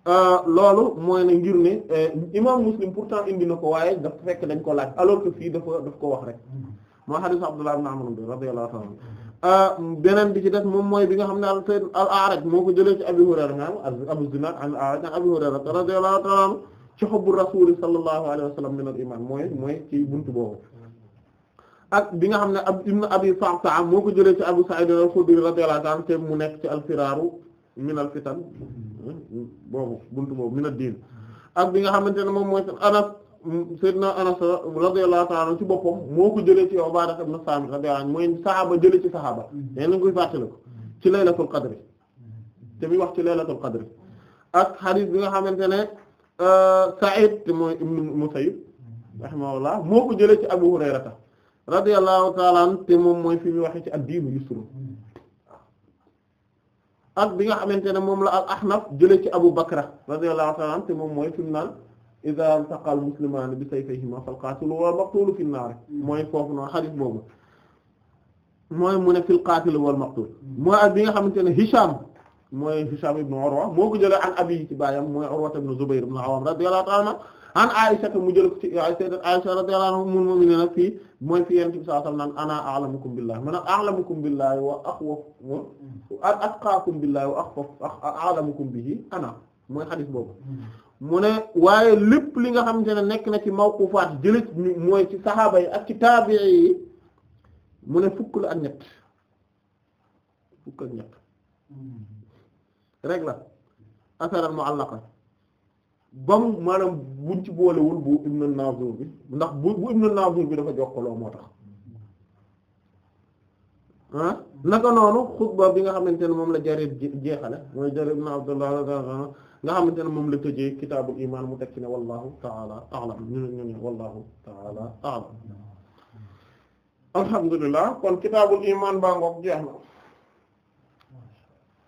euh, loolu mooy ne ngir ne euh, imam muslim pourtant indi na ko waaye dafa fekk dañ ko laaj alors que fii dafa daf ko wax rek mhm. moo hadith Abdullah ibn Amr radiyallahu anhu mhm. Ah, beneen bi ci des moom mooy bi nga xam ne al moo ko jëlee ci abi hurayra nga am abu zinad al a'raj abi hurayra radiyallahu ta'ala anhu ci hubbu rasul sallallahu alayhi wa sallam min al bi nga xam ne ab ibn abi sa'sa'a moo ko jëlee ci abu sa'id al khudri radiyallahu ta'ala te mu nekk ci al firaaru min al fitan hmm, boobu buntu boobu min ad-din ak bi nga Seydina Anas radiyallahu ta'ala ci boppam moo ko jëlee ci Ubaada ibn Saamit radiyallahu anhu mooy saxaaba jëlee ci saxaaba mm-hmm. nee ci koy fàttali ko ci laylatul qadri mm-hmm. te wax ci laylatul qadri ak xadiis bi nga xamante ne euh, Saïd mooy ibn Musayyib mm-hmm. rahimahullah jëlee ci Abu Hurayrata radiyallahu ta'ala anhu te moom mooy fi muy waxee ci ad-diinu yusru bi nga xamante ne moom la al Ahnaf jëlee ci Abu Bakra radiyallahu ta'ala anhu te moom mooy fi mu naan iza iltaqal muslimaani bi sayfayhimaa fal qaatilu wal maqtuulu fin naar mooy foofu noonu xadis boobu mooy mu ne fil qaatil wal maqtuul mooy ak bi nga xamante ne Hicham mooy Hicham ibn Urwa moo ko jëlee an abiy ci baayam mooy Urwa ibn Zubayr ibn Awaam radiyallahu ta'ala anhu an Aisha mu jël ko ci sayyidat Aisha radiyallahu anha ummul mu'miniina fii mooy fi Yonent bi sallallahu alayhi wa sallam naan ana a'lamukum billahi man a'lamukum billahi wa akhwaf wa mm. atqaakum billahi wa akhwaf a'lamukum bihi ana mooy xadis boobu. Mm. mu ne waaye lépp li nga xamante ne nekk na ci mawqufaat jële mooy ci saxaaba yi ak ci taabii yi mu ne fukk la ak ñett fukk ak ñett rek la asaral mu'allaqa ba mu maanaam buñ ci boolewul bu ibnu nazur bi ndax bu bu ibnu nazur bi dafa jokkaloo moo tax ah naka noonu xutba bi nga xamante ne moom la jarir jeexale mooy jarir ibn abdullah nga xamante ne moom la tëjee kitaabul imaan mu teg ci ne wallahu taala alam ñu ne ñu ne wallahu taala alam mm-hmm. alhamdulilah kon kitaabul imaan baa ngoog jeex na